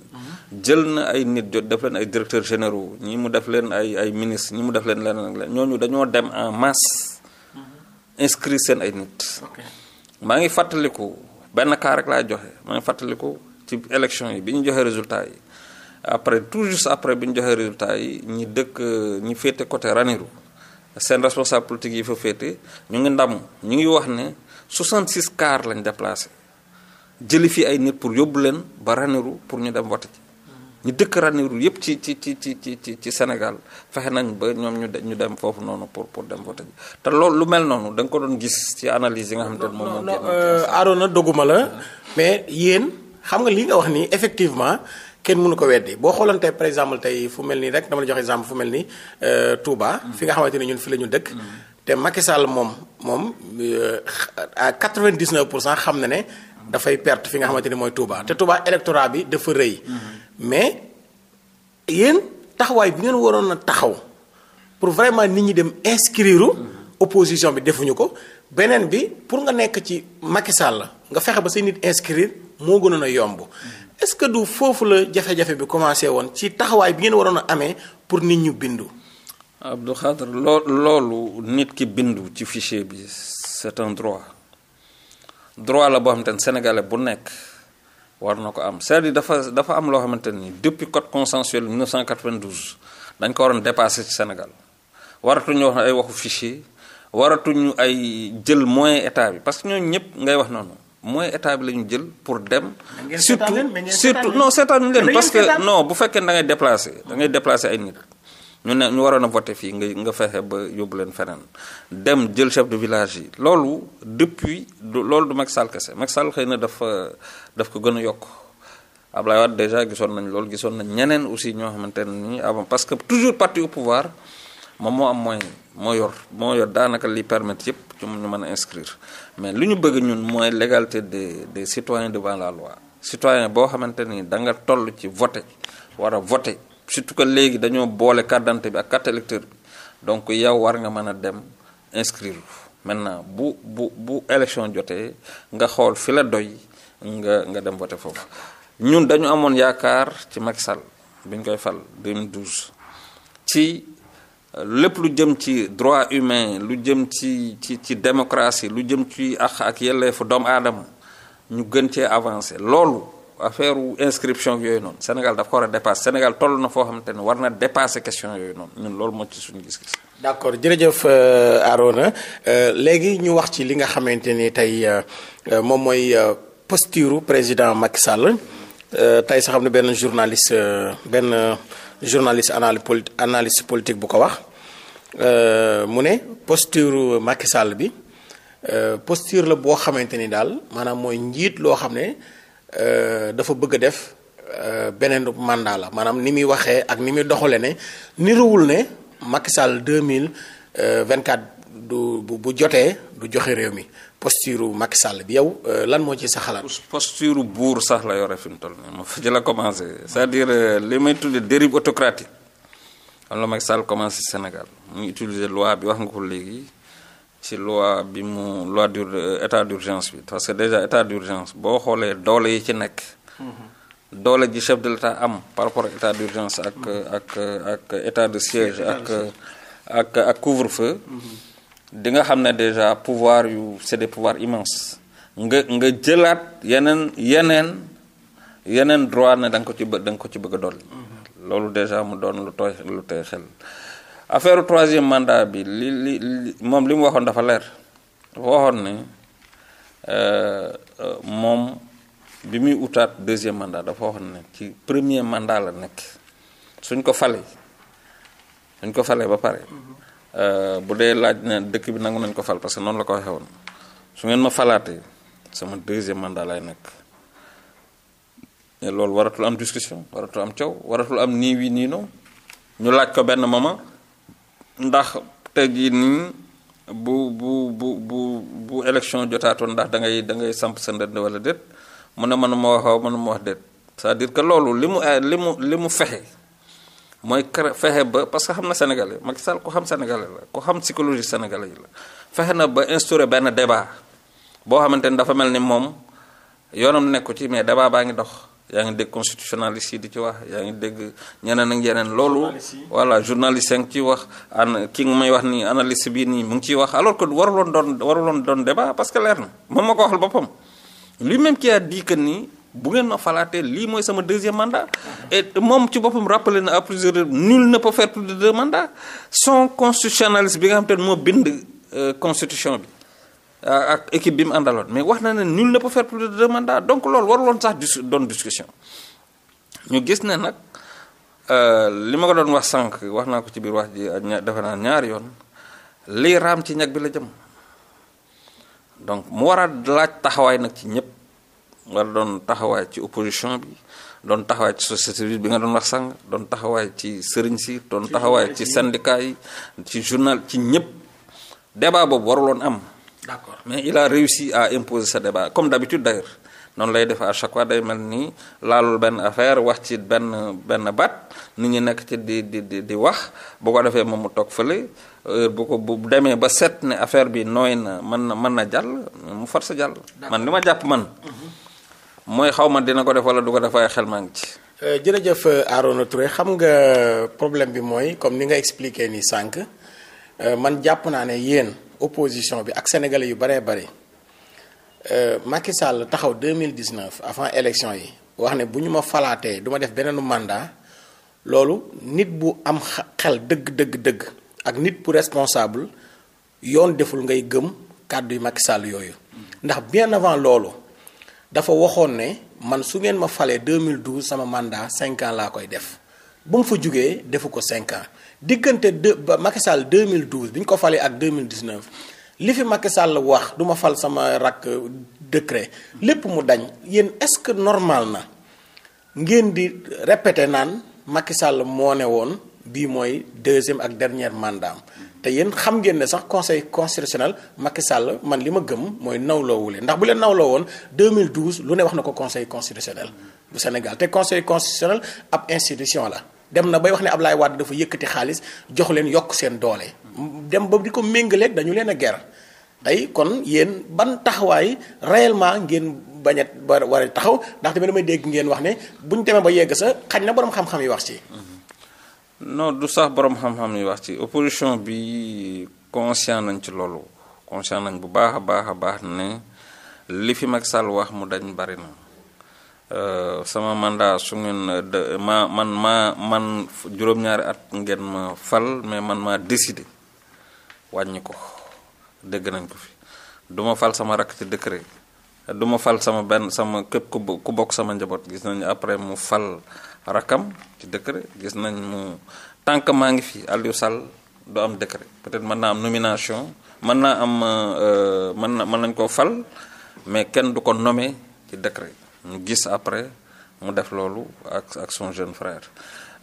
jël na ay nit jot def leen ay directeurs générau ñi mu def leen ay ay ministres ñi mu def leen leen ak ñooñu dañoo dem en masse inscrit seen ay nit maa ngi fàttaliku benn cas rek laa joxe maa ngi fàttaliku ci élection yi bi ñu joxe résultat yi après tout juste après bi ñu joxee résultat yi ñi dëkk ñi féete côté Ranérou seen responsable politique yi fa féete ñu ngi ndam ñu ngi wax ne 66 cars lañ déplacé jëli fi ay nit pour yóbbu leen ba Ranérou pour ñu dem vote ci ñu dëkk Ranérou yépp ci ci ci ci ci ci Sénégal fexe nañ ba ñoom ñu ñu dem foofu noonu pour pour dem vote te loolu lu mel noonu da nga ko doon gis ci analyse yi nga xam te moom moom euh, Arona doguma la mais yéen xam nga li wax nii effectivement kenn mënu ko weddi boo xooloon par exemple tey fu mel nii rek dama la fu mel ni euh, Touba fi nga xamante ni ñun fi la ñu dëkk mm. te Macky Sall moom moom euh, à 99 pour cent xam na ne dafay perte fi nga xamante ni mooy Touba te Touba électorat bi dafa rëy. mais yéen taxawaay bi ngeen waroon a taxaw pour vraiment nit ñi dem inscrire. opposition bi defuñu ko beneen bi pour nga nekk ci Macky la nga fexe ba say nit inscrire moo gënoon a yomb est-ce que du foofu la jafe-jafe bi commencé woon ci taxawaay bi ngeen waroon a amee pour nit ñu bindu. Abdou Khadre loolu nit ki bindu ci fichier bi c'est un droit. droit la boo xamante ne sénégalais bu nekk war na ko am cest à dafa dafa am loo xamante ni depuis code consensuel 1992 dañ ko waroon dépassé ci Sénégal waratuñu wax ay waxu fichier ñu ay jël moyen état bi parce que ñooñu ñëpp ngay wax noonu moyen état bi la ñu jël pour dem. surtout surtout non seetaanuñu leen. parce que non bu fekkee da ngay déplacé da ngay déplacé ay nit. ñu ne ñu waroon a voté fii nga nga fexe ba yóbbu leen feneen dem jël chef de village yi loolu depuis loolu du Macky Sall kese Macky Sall xëy na dafa daf ko gën a yokk Ablaye Wade déjà gisoon nañ loolu gisoon nañ ñeneen aussi ñoo xamante ne nii avant parce que toujours parti au pouvoir moom moo am mooy moo yor moo yor daanaka li permettre yëpp ñu mën a inscrire mais lu ñu bëgg ñun mooy légalité de des citoyens devant la loi citoyen boo xamante ni da nga toll ci voté war a voté surtout que léegi dañoo boole carte d'identité bi ak carte électeur bi donc yow war nga mën a dem inscrire maintenant bu bu bu élection jotee nga xool fi la doy nga nga dem voter foofu ñun dañu amoon yaakaar ci Macky Sall bi ñu koy fal 2012 ci euh, lépp lu jëm ci droit humain lu jëm ci ci ci démocratie lu jëm ci àq ak yelleefu doomu aadama ñu gën cee avancer loolu affaire inscription yooyu noonu Sénégal dafa ko war a dépasser Sénégal toll na foo xamante ne war na dépasser question yooyu noonu ñun loolu moo ci suñu gis-gis. d' accord jërëjëf euh, Arona euh, léegi ñu wax ci li nga xamante ni tey euh, moom mooy posture président Macky Sall tey sax xam ne benn journaliste benn journaliste analyse poli analyse politique bu ko wax mu ne posture Macky Sall bi posture la boo xamante ni daal maanaam mooy njiit loo xam ne. Euh, dafa bëgg a def euh, beneen mandat la maanaam ni muy waxee ak ni muy doxalee ne niruwul ne Macky Sall 2024 du bu bu jotee du joxe réew mi posture Macky Sall bi yow euh, lan moo ci sa xalaat. posture buur sax la yore fi mu toll nii ma fa ci la commencé c'est-à-dire li may tuddee dérive autocratique am la Macky Sall commencé Sénégal mu ngi utiliser bi wax nga ko léegi ci loi bi mu loi du euh, état d' urgence bi parce que déjà état d' boo xoolee doole yi ci nekk. doole ji chef de l' état am par rapport ak état d' ak ak ak état de siège ak ak ak couvre feu. di nga xam ne déjà pouvoir yu c' est des pouvoirs immenses. nga nga jëlaat yeneen yeneen yeneen droit ne da nga ko ci bë da nga ko ci bëgg a mhm. loolu déjà mu doon lu tooy xel. affaire troisième mandat bi li li moom li mu waxoon dafa leer dafa waxoon ne euh, euh, moom bi muy utaat deuxième mandat dafa waxoon ne ci premier mandat la nekk suñ ko falee suñ ko falee ba pare euh, bu dee laaj na dëkk bi nangu nañ ko fal parce que noonu la ko waxee woon su ngeen ma falaatee sama deuxième mandat lay nekk loolu waratul am discussion waratul am coow waratul am nii wii nii non ñu laaj ko benn moment ndax teg yi nii bu bu bu bu bu élection jotaatoon ndax da ngay da ngay samp sa ndënd wala déet mu ne man ma wax waaw man wax déet c'est-à-dire que loolu li mu li mu li mu fexe mooy kër fexe ba parce que xam na sénégalais Macky Sall ku xam sénégalais la ku xam psychologie sénégalais yi la fexe na ba instauré benn débat boo xamante ni dafa mel ni moom yoonam nekku ci mais débat baa ngi dox yaa ngi dégg constitutionnaliste yi di ci wax yaa ngi dégg ñeneen ak yeneen loolu voilà journaliste yi ngi ciy wax an ki nga may wax ni analyste bii nii mu ngi ciy wax alors que waruloon doon waruloon doon débat parce que leer na moom ma ko waxal boppam lui-même qui a dit que nii bu ngeen ma falaatee lii mooy sama deuxième mandat et moom ci boppam rappelé na à plusieurs nul ne peut faire plus de deux mandats son constitutionnaliste bi nga xam te ne moo bind euh, constitution bi Euh, ak équipe bi mu àndaloon mais wax na ne nul ne peut fer plus de deux mandats donc loolu waruloon sax dis doon discussion ñu gis ne nag euh, li ma ko doon wax sànq wax naa ko ci biir wax ji defe naa ñaari yoon lii raam ci ñag bi la jëm donc mu war a laaj taxawaay nag ci ñëpp war doon taxawaay ci opposition bi doon taxawaay ci société civile bi nga doon wax sànq doon taxawaay ci sëriñ si doon taxawaay ci syndicat yi ci journal ci ñëpp débat boobu waruloon am d'accord mais il a réussi à imposer ce débat comme d'habitude d'ailleurs noonu lay def à chaque fois day mel nii laalul benn affaire wax ci benn benn baat nit ñi nekk ci di di di wax bu ko defee moom mu toog fële bu ko bu demee ba set ne affaire bi nooy na mën na man na jàll mu force jàll. man li ma jàpp man. Mhm. mooy xaw ma dina ko def wala du ko def waaye xel maa ngi ci. Euh, jërëjëf euh, Arona Touré xam nga euh, problème bi mooy comme ni nga expliqué nii sànq man jàpp naa ne yéen. opposition bi ak sénégalais yu baree bëri euh, Macky Sall taxaw 2019 avant élection yi wax ne bu ñu ma falaatee du def beneenu mandat loolu nit bu am xel dëgg dëgg dëgg ak nit bu responsable yoon deful ngay gëm kàddu yu Macky Sall yooyu ndax bien avant loolu dafa waxoon ne man su ngeen ma falee 2012 sama mandat 5 ans laa koy def ba mu fa jugee defu ko 5 ans. diggante de ba Macky Sall 2012 bi ñu ko falee ak 2019 li fi Macky Sall wax du ma fal sama rakk décret lépp mu dañ yéen est-ce que normal na ngeen di répété naan Macky Sall moo ne woon bii mooy deuxième ak dernier mandaam te yéen xam ngeen ne sax conseil constitutionnel Macky Sall man li ma gëm mooy nawloowu leen ndax bu leen nawloo woon 2012 lu ne wax na ko conseil constitutionnel bu Sénégal te conseil constitutionnel ab institution la. dem na bay wax ne ab Ablaye Wade dafa yëkkati xaalis jox leen yokk seen doole. dem ba di ko méngaleeg dañu leen a ger tey kon yéen ban taxawaay réellement ngeen bañ a war war taxaw ndax tamit damay dégg ngeen wax ne buñ demee ba yegg sa xañ na borom xam-xam yi wax ci. Mm-hmm. non du sax borom xam-xam yi wax ci opposition bi conscient nañ ci loolu conscient nañ bu baax a baax a baax ne li fi mag Sall wax mu dañ bari na. Euh, sama mandat su ngeen euh, de ma man maa man juróom-ñaari at ngeen ma fal mais man maa décidé wàññi ko dégg nañ ko fi du ma fal sama rakk ci décret du ma fal sama benn sama képp ku bokk sama njaboot gis nañu après mu fal rakkam ci décret gis nañ mu tant que maa ngi fi Aliou Sall du am décret peut-être mën naa am nomination man naa am euh, mën na mën nañ koo fal mais kenn du ko nommé ci décret ñu gis après mu def loolu ak ak son jeune frère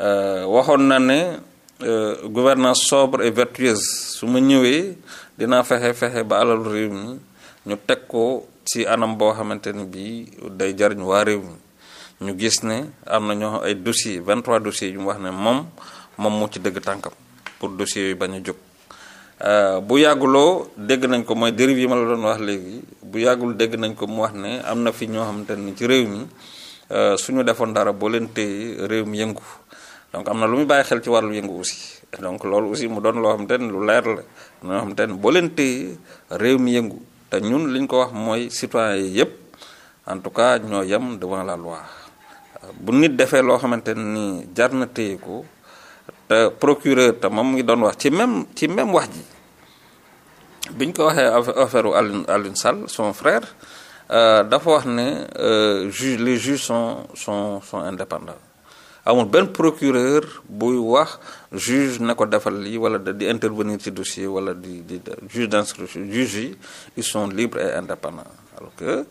euh, waxoon na ne euh, gouvernance sobre et vertueuse su ma ñëwee dinaa fexe fexe ba alalu réew mi ñu teg ko ci anam boo xamante ni bii day jariñ waa réew mi ñu gis ne am na ñoo ay dossiers 23 dossiers yu mu wax ne moom moom moo ci dëgg tànkam pour dossiers yi bañ a jóg. Euh, bu yàgguloo dégg nañ ko mooy dérive yi ma la doon wax léegi bu yàggul dégg nañ ko mu wax ne am na fi ñoo xamante ni ci réew mi euh, suñu defoon dara boo leen téye réew mi yëngu donc am na lu muy bàyyi xel ci wàllu yëngu aussi donc loolu aussi mu doon loo xamante ni lu leer la ñoo ni boo leen téye réew mi yëngu te ñun li ko wax mooy citoyen yi yëpp en tout cas ñoo yem devant la loi euh, bu nit defee loo xamante ni jar na téye ko te euh, procureur te moom ngi doon wax ci même ci même wax ji biñ ko waxee affaire Alioune Alioune Sall son frère euh, dafa wax ne euh, juge les juges sont sont sont indépendants amul benn procureur buy wax juge na ko defal lii wala di intervenir ci dossier wala di di juge d'instruction juge yi ils son libres et indépendants alors que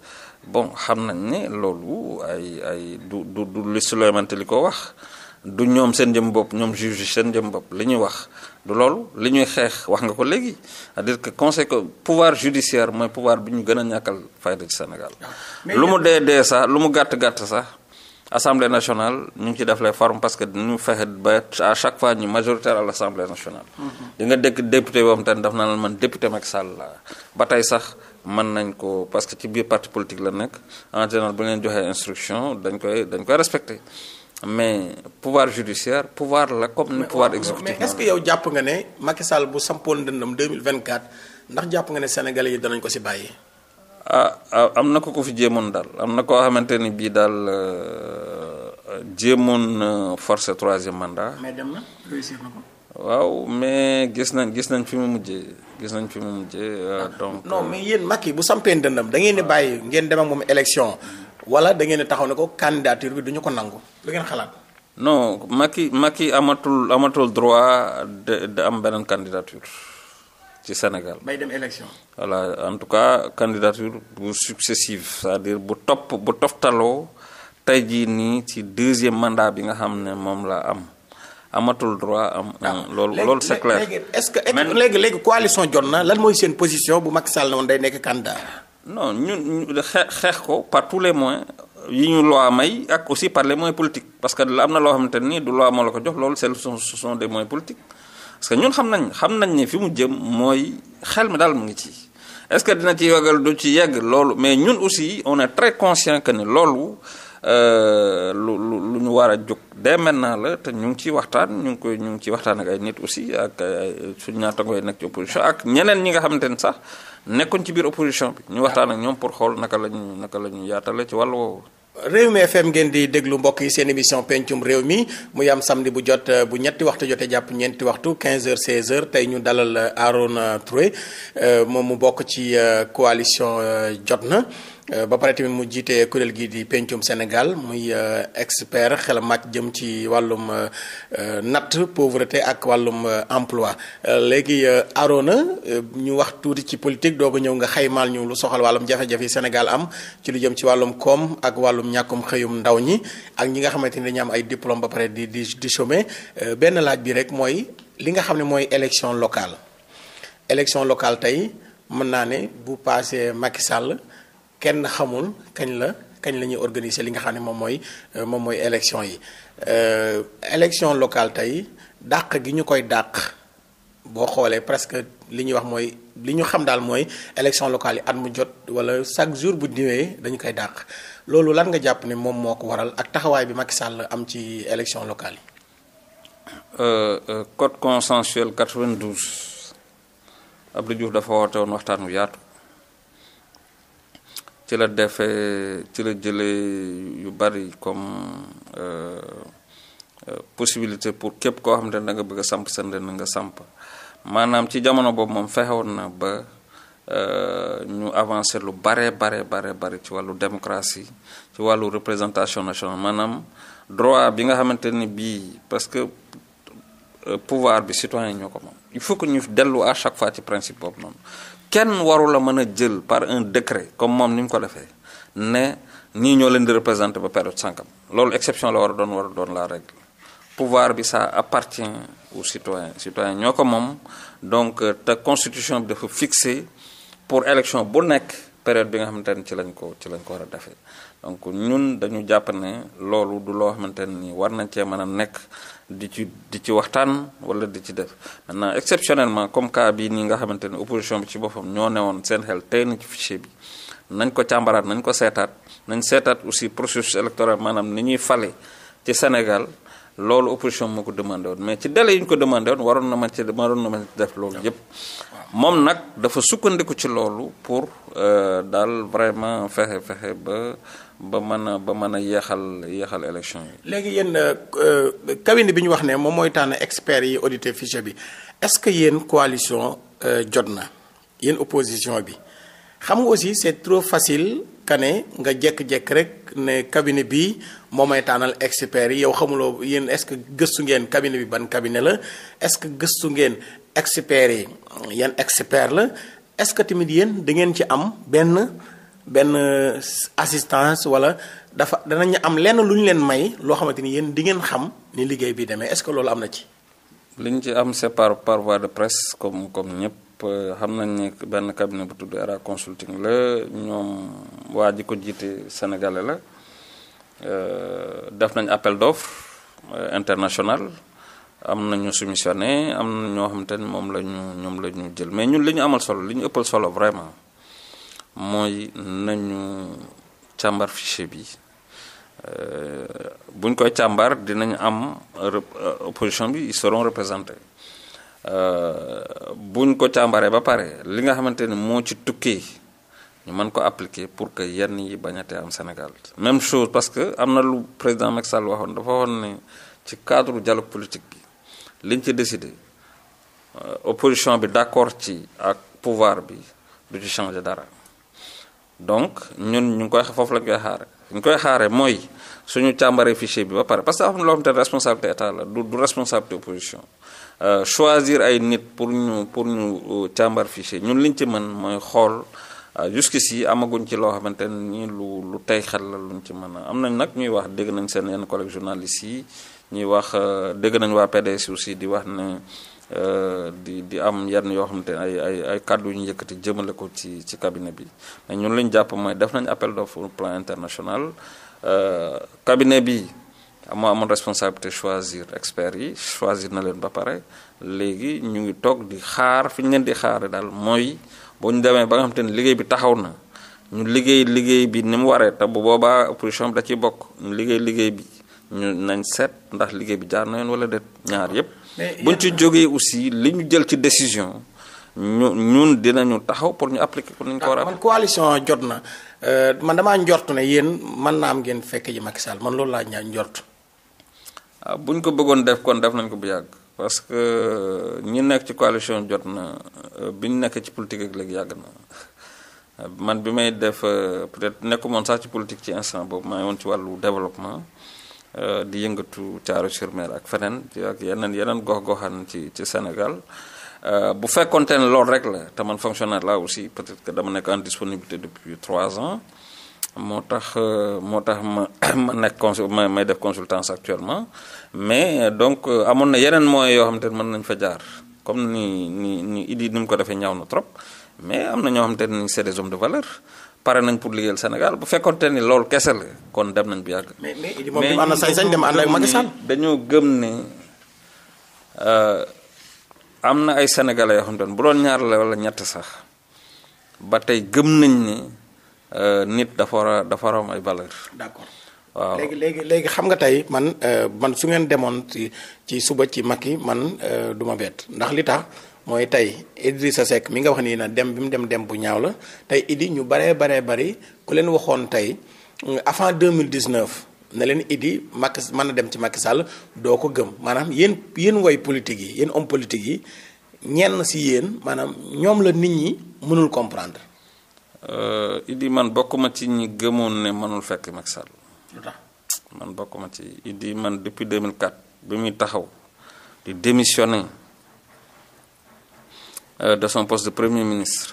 bon xam nañ ne loolu ay ay du du du li Souleymane li ko wax du ñoom seen jëm bopp ñoom juge seen jëm bopp li ñuy wax du loolu li ñuy xeex wax nga ko léegi c'est-à-dire que conseil que pouvoir judiciaire mooy pouvoir bi ñu gën a ñàkkal fayda ci Sénégal ah. lu mu dee dee sax lu mu gàtt gàtt sax assemblée nationale ñu ngi ci def les formes parce que dañu fexe ba à chaque fois ñu majoritaire à l' assemblée nationale mm-hmm. di nga dëkk député boobu tamit daf naa la man député Macky Sall la ba tey sax mën nañ ko parce que ci biir parti politique la nekk en général bu joxee instruction dañ koy dañ koy respecté mais pouvoir judiciaire pouvoir la comme ni pouvoir exécutif mais est-ce que yow jàpp nga ne Macky Sall bu sampoon dëndam 2024 ndax jàpp nga ne sénégalais yi danañ ko si bàyyi. Ah, ah am na ko ko fi jéemoon daal am na koo xamante ni bii daal euh, jéemoon force troisième mandat. mais dem na réussir na ko. mais gis nañ gis nañ fi mu mujjee gis nañ fi mu mujjee euh, ah, donc. non euh, mais yéen Macky bu sampeen dëndam da ngeen di bàyyi ngeen dem ak moom élection. wala da ngeen taxaw ne ko candidature bi duñu ko nangu lu ngeen xalaat. non Macky Macky amatul amatul droit de de am beneen candidature ci Sénégal. bay dem élection. voilà en tout cas candidature bu successive cest dire bu topp bu toftaloo tey jii nii ci deuxième mandat bi nga xam ne moom laa am. amatul droit am. Ah, loolu loolu c'est clair. léegi est-ce que léegi léegi coalition jot na lan mooy seen position bu Macky Sall ne woon day nekk candidat. non ñun xeex ko par tous les moins yi ñu loi may ak aussi par le moyens politiques parce que am na loo xamante nii du loi moo la ko jox loolu c'est ce sont des moyens parce que ñun xam nañ xam nañ ni fi mu jëm mooy xel mi daal mu ngi ci est-ce que dina ci yeggal du ci yegg loolu mais ñun aussi on est très conscient que ne loolu euh, lu lu lu ñu war a jóg dès maintenant la te ñu ngi ciy waxtaan ñu ngi koy ñu ngi ciy waxtaan ak ay nit aussi ak suñu ñaata ngooy nekk ci opposition ak ñeneen ñi nga xamante ne sax nekkoon ci biir opposition bi ñu waxtaan ak ñoom pour xool naka la ñu naka la ñu yaatale ci wàllu woowu. Rewmi FM ngeen di déglu mbokk yi seen émission pencum réew mi mu am samedi bu jot bu ñetti waxtu jote jàpp ñeenti waxtu 15h 16h tey ñu dalal euh, Arona Touré euh, moom mu bokk ci euh, coalition na Euh, ba pare tamit mu jiite kuréel gi di pencum Sénégal muy euh, expert xelam màcc jëm ci wàllum euh, natt pauvreté ak wàllum emploi léegi Arona ñu wax tuuti ci politique doog a ñëw nga xaymaal ñu lu soxal wàllum jafe-jafe Sénégal am ci lu jëm ci wàllum koom ak wàllum ñàkkum xëyum ndaw ñi ak ñi nga xamante ni dañu am ay diplôme ba pare di di di chômer benn laaj bi rek mooy li nga xam ne mooy élection locale élection locale tey mën naa ne bu paasee Macky sàll kenn xamul kañ la kañ la ñuy organiser li nga xam ne moom mooy euh, moom mooy élection yi euh, élection local tey dàq gi ñu koy dàq boo xoolee presque li ñuy wax mooy li ñu xam daal mooy élection locale yi at mu jot wala chaque jour bu diwee dañu koy dàq loolu lan nga jàpp ne moom moo ko waral ak taxawaay bi Macky Sall am ci élection locale yi. Euh, euh, code consensuel 92 Abdou Diouf dafa woote woon waxtaan wu yaatu. ci la defee ci la jëlee yu bari comme euh, euh, possibilité pour képp koo xam ne da nga bëgg a samp sa ndënd nga sàmp maanaam ci jamono boobu moom fexewoon na ba euh, ñu avancer lu bare bare bare bare ci wàllu démocratie ci wàllu représentation nationale maanaam droit bi nga xamante ni bii parce que pouvoir bi citoyen ñoo ko moom il faut que ñu dellu à chaque fois ci principe boobu moom kenn waru la mën a jël par un décret comme moom ni mu ko defee ne nii ñoo leen di représenter ba période sànkam loolu exception la war a doon war a doon la règle pouvoir bi ça appartient au citoyens citoyens ñoo ko moom donc euh, te constitution bi dafa fixé pour élection bu nekk période bi nga xamante ne ci lañ ko ci lañ ko war a defee donc ñun dañu jàpp ne loolu du loo xamante nii war nañ cee mën a nekk di ci di ci waxtaan wala di ci def maintenant exceptionnellement comme cas bii nii nga xamante ni opposition bi ci boppam ñoo newoon seen xel tey na ci fichier nañ ko càmbaraat nañ ko seetaat nañ seetaat aussi processus électoral maanaam ni ñuy fale ci Sénégal loolu opposition moo ko demandé woon mais ci délai yi ñu ko demandé waroon na ma ci waroon na ma def loolu yëpp moom nag dafa sukkandiku ci loolu pour euh, daal vraiment fexe fexe ba ba mën a ba mën a yeexal yeexal élection yi. léegi yéen euh, euh, cabinet bi ñu wax ne moom mooy tànn experts yi audité fichier bi est-ce que yéen coalition euh, jot na yéen opposition bi xam nga aussi c'est trop facile que ne nga jekk-jekk rek ne cabinet bi moo may tànnal experts yi yow xamuloo yéen est-ce que gëstu ngeen cabinet bi ban cabinet la est-ce que gëstu ngeen experts yi yan expert la est-ce que tamit yéen da ngeen ci am benn. benn assistance wala dafa danañ am lenn lu ñu leen may loo xamante ni yéen di ngeen xam ni liggéey bii demee est-ce que loolu am na ci. li ñu ci am c'est par par voie de presse comme comme ñëpp euh, xam nañ ni benn cabinet bu tudd Era Consulting la ñoom waa ji ko jiite sénégalais la euh, def nañ appel d'offre euh, international am na ñu soumissionné am na ñoo xamante ni moom la ñu ñoom la ñu jël mais ñun li ñu amal solo li ñu ëppal solo vraiment. mooy nañu càmbar fichier bi euh, buñ koy càmbar dinañ am euh, opposition bi ils seront représentés euh, buñ ko càmbaree ba pare li nga xamante ni moo ci tukkee ñu mën ko appliquer pour que yenn yi bañatee am Sénégal même chose parce que am na lu président Macky Sall waxoon dafa waxoon ne ci cadre dialogue politique bi liñ ci décidé opposition bi d'accord ci ak pouvoir bi du ci changer dara donc ñun ñu ngi koy foofu lañ koy xaare ñu koy xaare mooy suñu càmbaree fichier bi ba pare parce que am na loo xam te responsabilité état la du responsabilité opposition euh, choisir ay nit pour ñu pour ñu euh, càmbar fichier ñun liñ ci mën mooy xool euh, jusqu'ici amaguñ ci loo xamante ni lu lu tey xel la luñ ci mën a am nañ nag ñuy wax dégg nañ seen yenn collègues journalistes yi ñuy wax dégg nañu waa PDS aussi di wax ne Euh, di di am yenn yoo xam te ay ay ay kàddu yu ñu yëkkati jëmale ko ci ci cabinet bi mais ñun lañu jàpp mooy def nañ appel d'offre au plan international euh, cabinet bi moo amoon responsabilité choisir experts yi choisir na leen ba pare léegi ñu ngi toog di xaar fi ñu leen di xaare daal mooy boo ñu demee ba nga xam te ne liggéey bi taxaw na ñu liggéey liggéey bi ni mu waree te bu boobaa opposition bi da ciy bokk ñu liggéey liggéey bi ñu nañ seet ndax liggéey bi jaar na yoon wala déet ñaar yépp buñ ci jógee aussi li ñu jël ci décision ñu ñun dinañu taxaw pour ñu appliquer ko nañ ko war a. Ah, man coalition jot na euh, man damaa njort ne yéen man naa am ngeen fekk ji Macky Sall man loolu laa ñaan njort. ah buñ ko bëggoon def kon def nañ ko bu yàgg parce que euh, ñi nekk ci coalition jot na euh, bi ñu nekk ci politique ak léegi yàgg na. man bi may def peut-être nekkumoon sax ci politique ci instant boobu maa woon ci wàllu développement Euh, di yëngatu Thiaroye-sur-Mer ak feneen ak yeneen yeneen gox-goxaan ci ci Sénégal euh, bu fekkonte ne loolu rek la te man fonctionnaire la aussi peut-être que dama nekk en disponibilité depuis trois ans moo tax euh, moo tax ma ma nekk consul ma may def consultance actuellement mais donc amoon na yeneen moyens yoo xamante ne mën nañ fa jaar comme ni ni ni Idy ni ko defee ñaaw na trop mais am na ñoo xam ne c'est des some de valeur pare nañ pour liggéeyal Sénégal bu fekkonte ni loolu kese la kon dem nañ bu yàgg. mais mais moom am na sañ-sañ dem ànd ak Macky dañoo gëm ne euh, am na ay sénégalais yoo xam ne bu doon ñaar wala ñett sax ba tey gëm nañ ni euh, nit dafa war a dafa war a am ay valeur. léegi léegi xam nga tey man euh, man su ngeen demoon ci ci suba ci mag yi man du ma bett ndax li tax. mooy tey Idrissa Seck mi nga wax nii na dem bi mu dem dem bu ñaaw la tey Idi ñu baree baree bari ku leen waxoon tey euh, avant 2019 na leen Idi Macky mën na dem ci Macky Sall doo ko gëm maanaam yéen yéen way politique yi yéen homme politique yi ñenn si yéen maanaam ñoom la nit ñi mënul comprendre. Euh, Idi man bokkuma ci ñi gëmoon ne mënul fekk Macky Sall. man bokk man ci Idi man depuis 2004 bi muy taxaw di démissionner. Euh, de son poste de premier ministre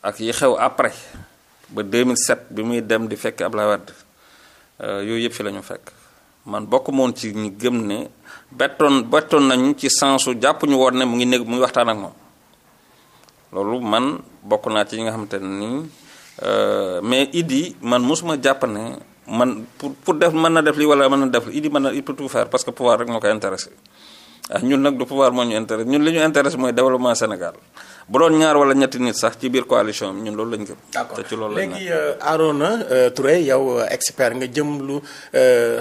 ak yi xew après ba deux 2007 bi muy dem di fekk Ablaye Wade euh, yooyu yëpp fi lañu fekk man bokk moon ci ñi gëm ne bettoon bettoon nañu ci sensu jàpp ñu woon ne mu ngi néeg mu ngi waxtaan ak moom loolu man bokk naa ci ñi nga xamante ne nii euh, mais Idi man mosuma jàpp ne man pour pour def mën na def lii wala mën na def lii Idi mën na il peut tout faire parce que pouvoir rek moo ko intéressé ah ñun nag du pouvoir moo ñu ñun li ñu intéresse mooy développement Sénégal bu doon ñaar wala ñetti nit sax ci biir coalition bi ñun loolu lañ gëm. d'accord te ci loolu lañ léegi euh, Arona euh, yow euh, expert nga jëm lu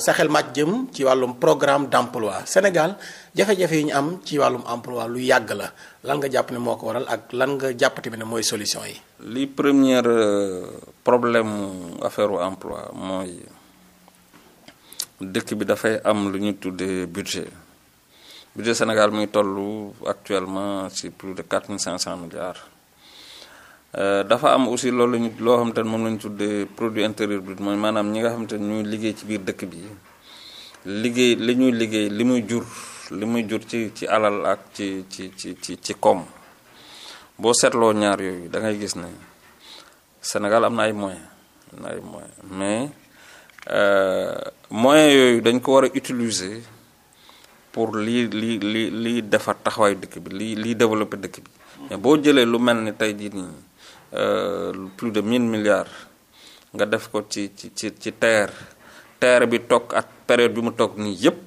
sa xel màcc jëm ci wàllum programme d'emploi Sénégal jafe-jafe yi ñu am ci wàllum emploi lu yàgg la lan nga jàpp ne moo ko waral ak lan nga jàpp tamit ne mooy solution yi. li premier problème affaire u emploi mooy dëkk bi dafay am lu ñu tuddee budget. budget Sénégal mu ngi toll actuellement ci plus de 4500 milliards euh, dafa am aussi loolu loo xam te ne moom la ñu tuddee produit intérieur brut mooy maanaam ñi nga xam te ne ñuy liggéey ci biir dëkk bi liggéey li ñuy liggéey li muy jur li muy jur ci ci alal ak ci ci ci ci ci koom boo seetloo ñaar yooyu da ngay gis ne Sénégal am na ay moyens am na ay moyens mais euh, moyens yooyu dañ ko war a utiliser. pour lii lii lii lii defar taxawaayu dëkk bi lii lii développer dëkk bi mais boo jëlee lu mel ni tey jii nii euh, plus de 1000 milliards nga def ko ci ci ci ci terre terre bi toog ak période bi mu toog nii yépp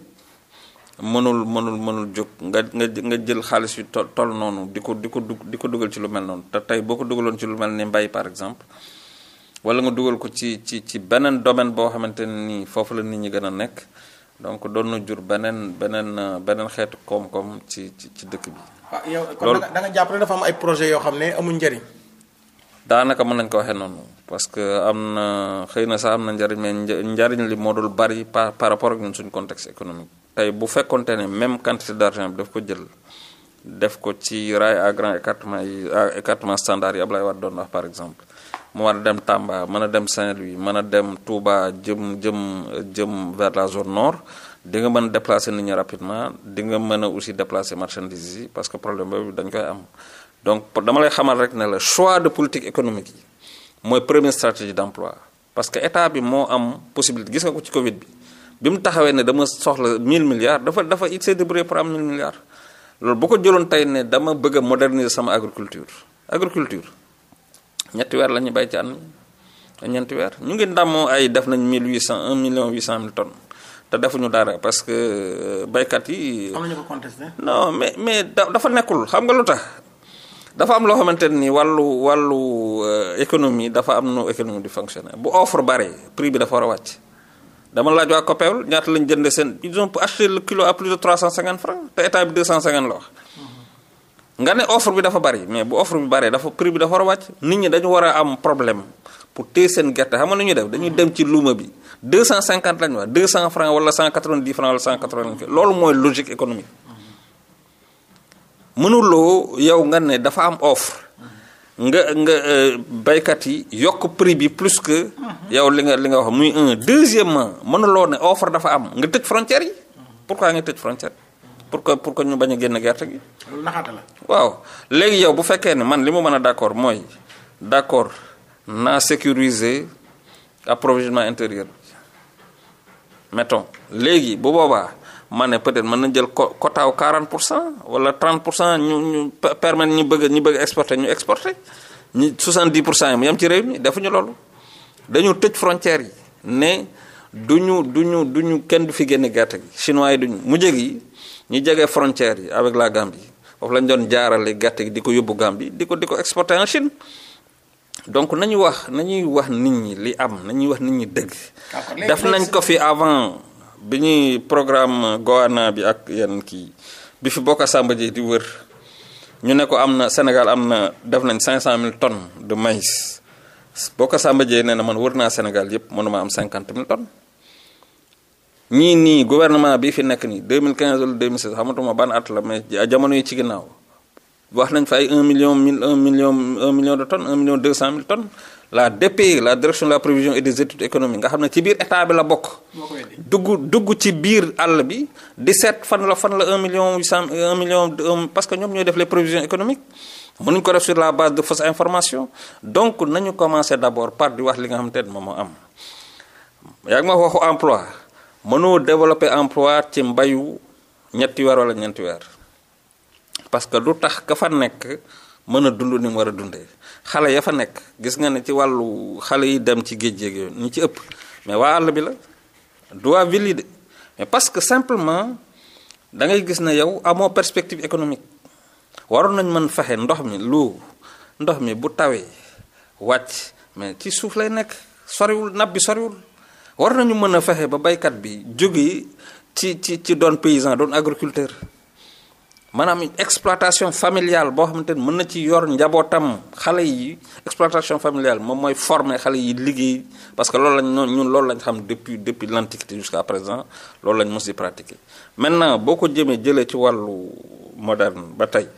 mënul mënul mënul jóg nga nga nga jël xaalis yu to toll noonu di ko di ko dug di ko dugal ci lu mel noonu te tey boo ko dugaloon ci lu mel ni mbay par exemple wala nga dugal ko ci ci ci beneen domaine boo xamante ne nii foofu la nit ñi gën a nekk donc doon na jur beneen beneen euh, beneen xeetu koom-koom ci ci ci dëkk bi. loolu ah, yow kon da nga jàpp ne dafa am ay projets yoo xam ne amul njëriñ. daanaka mën nañ ko waxee noonu parce que am na xëy na sax am na njariñ mais njariñ li moo dul bari par par rapport ak ñun suñu contexte économique. tey bu fekkonte ne même quantité d'argent bi daf ko jël def ko ci raay à grand écartement yi écartement standard yi Ablaye Wade doon wax par exemple. mu war a dem Tamba mën a dem Saint-Louis mën a dem Touba jëm jëm jëm vers la zone nord di nga mën a déplacer nit ñi rapidement di nga mën a aussi déplacer marchandises yi parce que problème boobu dañ koy am donc dama lay xamal rek ne la choix de politique économique yi mooy première stratégie d'emploi parce que état bi moo am possibilité gis nga ko ci Covid bi bi mu taxawee ne dama soxla 1000 milliards dafa dafa il s'est débrouillé pour am 1000 milliards loolu bu ko jëloon tey ne dama bëgg a moderniser sama agriculture agriculture. ñetti weer la ñuy bay ci at mi weer ñu ngi ndàmmoo ay def nañ mille huit cent un million huit cent mille tonnes te defuñu dara parce que euh, baykat yi. am nañu ko contesté. mais mais dafa nekkul xam nga lu tax dafa am loo xamante ni wàllu wàllu euh, économie dafa am nu économie di fonctionner bu offre bare prix bi dafa war a wàcc. dama laaj waa COPEOL ñaata lañ jënd seen ils ont acheté le kilo à plus de 350 francs te état bi 250 la wax nga ne offre bi dafa bari mais bu offre bi baree dafa prix bi dafa war a wàcc nit ñi dañu war a am problème pour téye seen gerte xam nga nu ñuy def dañuy dem ci luma bi 250 lañu wax 200 francs wala 190 francs wala 180 loolu mooy logique économique mënuloo yow nga ne dafa am offre nga nga euh, baykat yi yokk prix bi plus que yow li nga li nga wax muy un deuxièmement mënuloo ne offre dafa am nga tëj frontière yi pourquoi nga tëj frontière pour que pour que ñu bañ a génn gerte gi. loolu naxaate waaw léegi yow bu fekkee ne man li mu mën a d' accord mooy d' accord naa sécuriser approvisionnement intérieur mettons léegi bu boobaa ma ne peut être mën na jël ko kotaaw 40 pour cent wala 30 pour cent ñu ñu permettre ñu bëgg ñu bëgg exporter ñu exporter ñu 70 pour cent yi mu yem ci réew mi defuñu loolu dañu tëj frontières yi ne duñu du ñu kenn du fi génn gerte gi chinois yi mu mujj gi. ñu jege frontière yi avec la Gambie foofu lañ doon jaarale gerte gi di ko yóbbu Gambie di ko di ko exporter en Chine donc nañu wax nañuy wax nit ñi li am nañuy wax nit ñi dëgg. def nañ ko fi avant bi ñuy programme Goana bi ak yenn kii bi fi Bokar Samba jee di wër ñu ne ko am na Sénégal am na def nañ 500000 tonnes de maïs Bokar Samba Dièye nee na man wër naa Sénégal yëpp mënuma am 50000 tonnes. ñii nii gouvernement bi fi nekk nii 2015 wala 2016 xamatuma ban at la mais jamono yi ci ginnaaw wax nañ fa ay 1 million 1000 1 million 1 million de tonnes 1 million 200 mille tonnes de la ne ci biir état dugg dugg ci biir àll bi 17 fan la fan la million 800 1 million parce que ñoom ñoo def les prévisions économiques. mënuñ ko def sur la base de fausse information donc nañu commencé d' abord par di wax li nga xam ne moom moo am yaa ngi ma waxu emploi. mënoo développer emploi ci mbayu ñetti weer wala ñeenti weer parce que du tax ka fa nekk mën a dund ni mu war a dundee xale ya fa nekk gis nga ne ci wàllu xale yi dem ci géej géej yooyu ñu ci ëpp mais waa àll bi la du waa ville yi de mais parce que simplement da ngay gis ne yow amoo perspective économique waroon nañ mën fexe ndox mi lu ndox mi bu tawee wàcc mais ci suuf lay nekk soriwul napp bi soriwul war nañu mën a fexe ba baykat bi jóge ci ci ci doon paysan doon agriculteur maanaam exploitation familiale boo xamante ni mën na ci yor njabootam xale yi exploitation familiale moom mooy former xale yi liggéey parce que loolu lañ noonu ñun loolu lañ xam depuis depuis l'antiquité jusqu'à présent loolu lañ mos di pratiquer maintenant boo ko jëmee jëlee ci wàllu moderne ba tey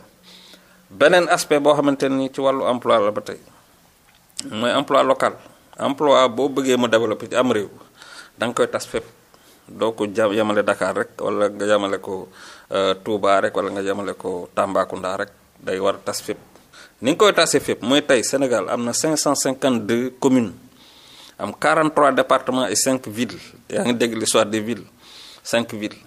beneen aspect boo xamante ni ci wàllu emploi la ba tey mooy emploi local emploi boo bëggee mu développer ci am réew danga nga koy tas fépp doo ko ja yamale Dakar rek wala nga yamale ko euh, Touba rek wala nga yamale ko Tambacounda rek day war a tas fépp ni nga koy tasee fépp mooy tey Sénégal am na cinq cent cinquante 552 communes am 43 départements et cinq villes yaa ngi dégg l'histoire des villes cinq villes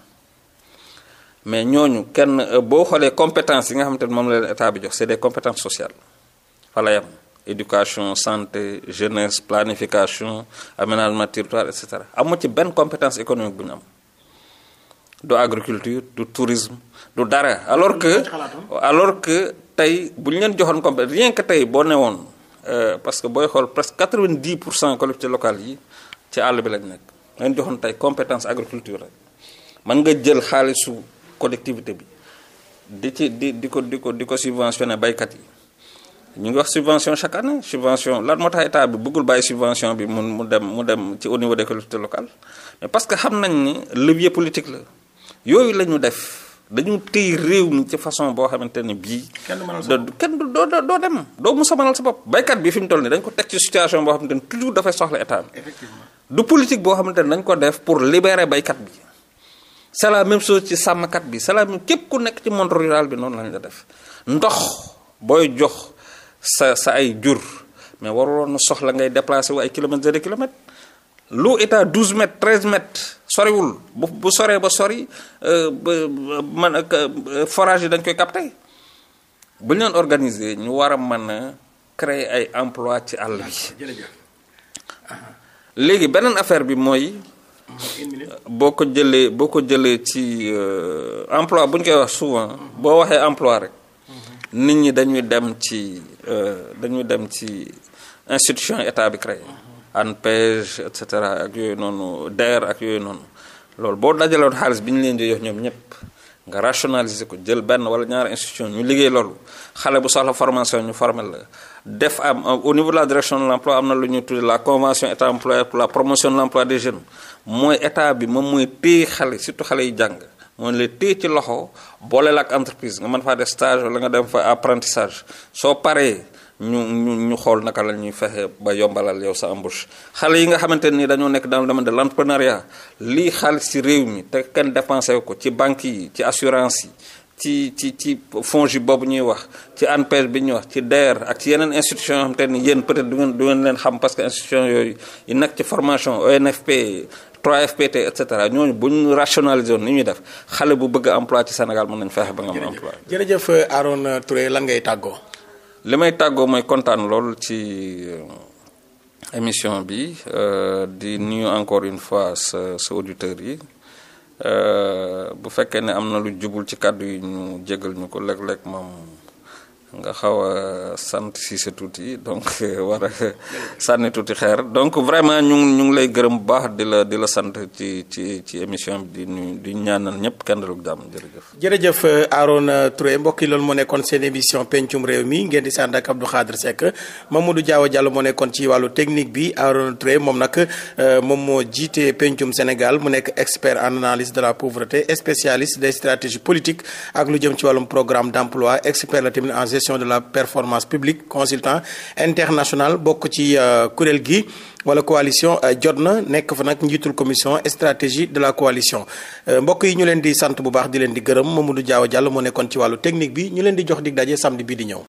mais ñooñu kenn euh, boo xoolee compétence yi nga xamante ne moom la leen bi jox c'est des compétences sociales fa la yam éducation santé jeunesse planification aménagement territoire et cetera amu ci benn compétence économique bu am du agriculture du tourisme du dara alors que alors que tey bu ñu leen joxoon compétence rien que tey boo ne woon euh, parce que booy xool presque 90 pour cent collectivités locales yi ci àll bi lañ nekk leen joxoon tey compétence agriculture rek mën nga jël xaalisu collectivité bi di ci di di ko di ko di ko subventionné baykat yi ñu ngi wax subvention chaque année subvention lan moo tax état bi bëggul bàyyi subvention bi mu mu dem mu dem ci au niveau des collectivités locales mais parce que xam nañ ni levier politique la yooyu la ñu def dañu téy réew mi ci façon boo xamante ne bii. kenn du kenn du doo doo dem doo mus a mënal sa bopp. baykat bi fi mu toll nii dañ ko teg ci situation boo xamante ne toujours dafay soxla état bi. effectivement du politique boo xamante ne dañ ko def pour libere baykat bi. c'est la même chose ci sàmmkat bi c'est la képp ku nekk ci monde rural bi noonu lañ la def ndox booy jox. sa sa ay jur mais waroon na soxla ngay déplacer wu ay kilomètres de kilomètres lu état 12 mètres 13 mètres soriwul bu soree ba sori euh, ba man ak euh, forage yi dañ koy capter bu ñu leen organiser ñu war a mën a créer ay emploi ci àll bi léegi beneen affaire bi mooy boo ko jëlee boo ko jëlee ci euh, emploi bu ñu koy wax souvent boo waxee emploi rek nit ñi dañuy dem ci euh, dañuy dem ci institution état bi créé ANPEJ et cetera ak yooyu noonu DER ak yooyu noonu loolu boo dajaloon xaalis bi ñu leen di jox ñoom ñëpp nga rationaliser ko jël benn wala ñaari institution ñu liggéey loolu xale bu soxla formation ñu formel la def am au niveau de la direction de l'emploi am na lu ñu tuddee la convention état employeur pour la promotion de l'emploi des jeunes mooy état bi moom mooy téye xale surtout xale yi jàng moo la téye ci loxo booleel ak entreprise nga mën faa def stage wala nga dem fa apprentissage soo paree ñu ñu ñu xool naka la ñuy fexe ba yombalal yow sa embauche xale yi nga xamante ni dañoo nekk dans le domaine de l' lii xaalis ci réew mi te kenn dépensé ko ci banque yi ci assurance yi ci ci ci fonds boobu ñuy wax ci ANPEJ bi ñuy wax ci DER ak ci yeneen institution yoo yéen peut-être du ngeen du ngeen parce que institution yooyu yi nag ci formation ONFP 3FPT et ñooñu bu ñu rationalisé ni ñuy def xale bu bëgg emploi ci Sénégal mën nañ fexe ba nga am emploi. jërëjëf Arona Touré lan ngay tàggoo. li may tàggoo mooy kontaan lool ci euh, émission bi euh, di nuyu encore une fois sa sa auditeurs yi. Euh, bu fekkee ne am na lu jubul ci kàddu yi ñu jégal ñu ko léeg-léeg moom nga xaw a sant si sa tuuti donc war a sànni tuuti xeer donc vraiment ñu ñu ngi lay gërëm bu baax di la di la sant ci ci ci émission bi di ñu di ñaanal ñëpp kàndalug jàmm jërëjëf. jërëjëf Arona Touré mbokk yi loolu moo nekkoon seen émission pencum réew mi ngeen di sant ak Abdou Khadre Seck Mamadou Diaw Diallo moo nekkoon ci wàllu technique bi Arona Touré moom nag euh, moom moo jiite pencum Sénégal mu nekk expert en analyse de la pauvreté spécialiste des stratégies politiques ak lu jëm ci wàllum programme d' emploi gestion de la performance publique consultant international bokk ci euh, kuréel gi wala coalition euh, jot na nekk fa nag njiitul commission stratégie de la coalition euh, mbokk yi ñu leen di sant bu baax di leen di gërëm Mamadou Diaw Diallo moo nekkoon ci wàllu technique bi ñu leen di jox dig daje samedi bi di ñëw.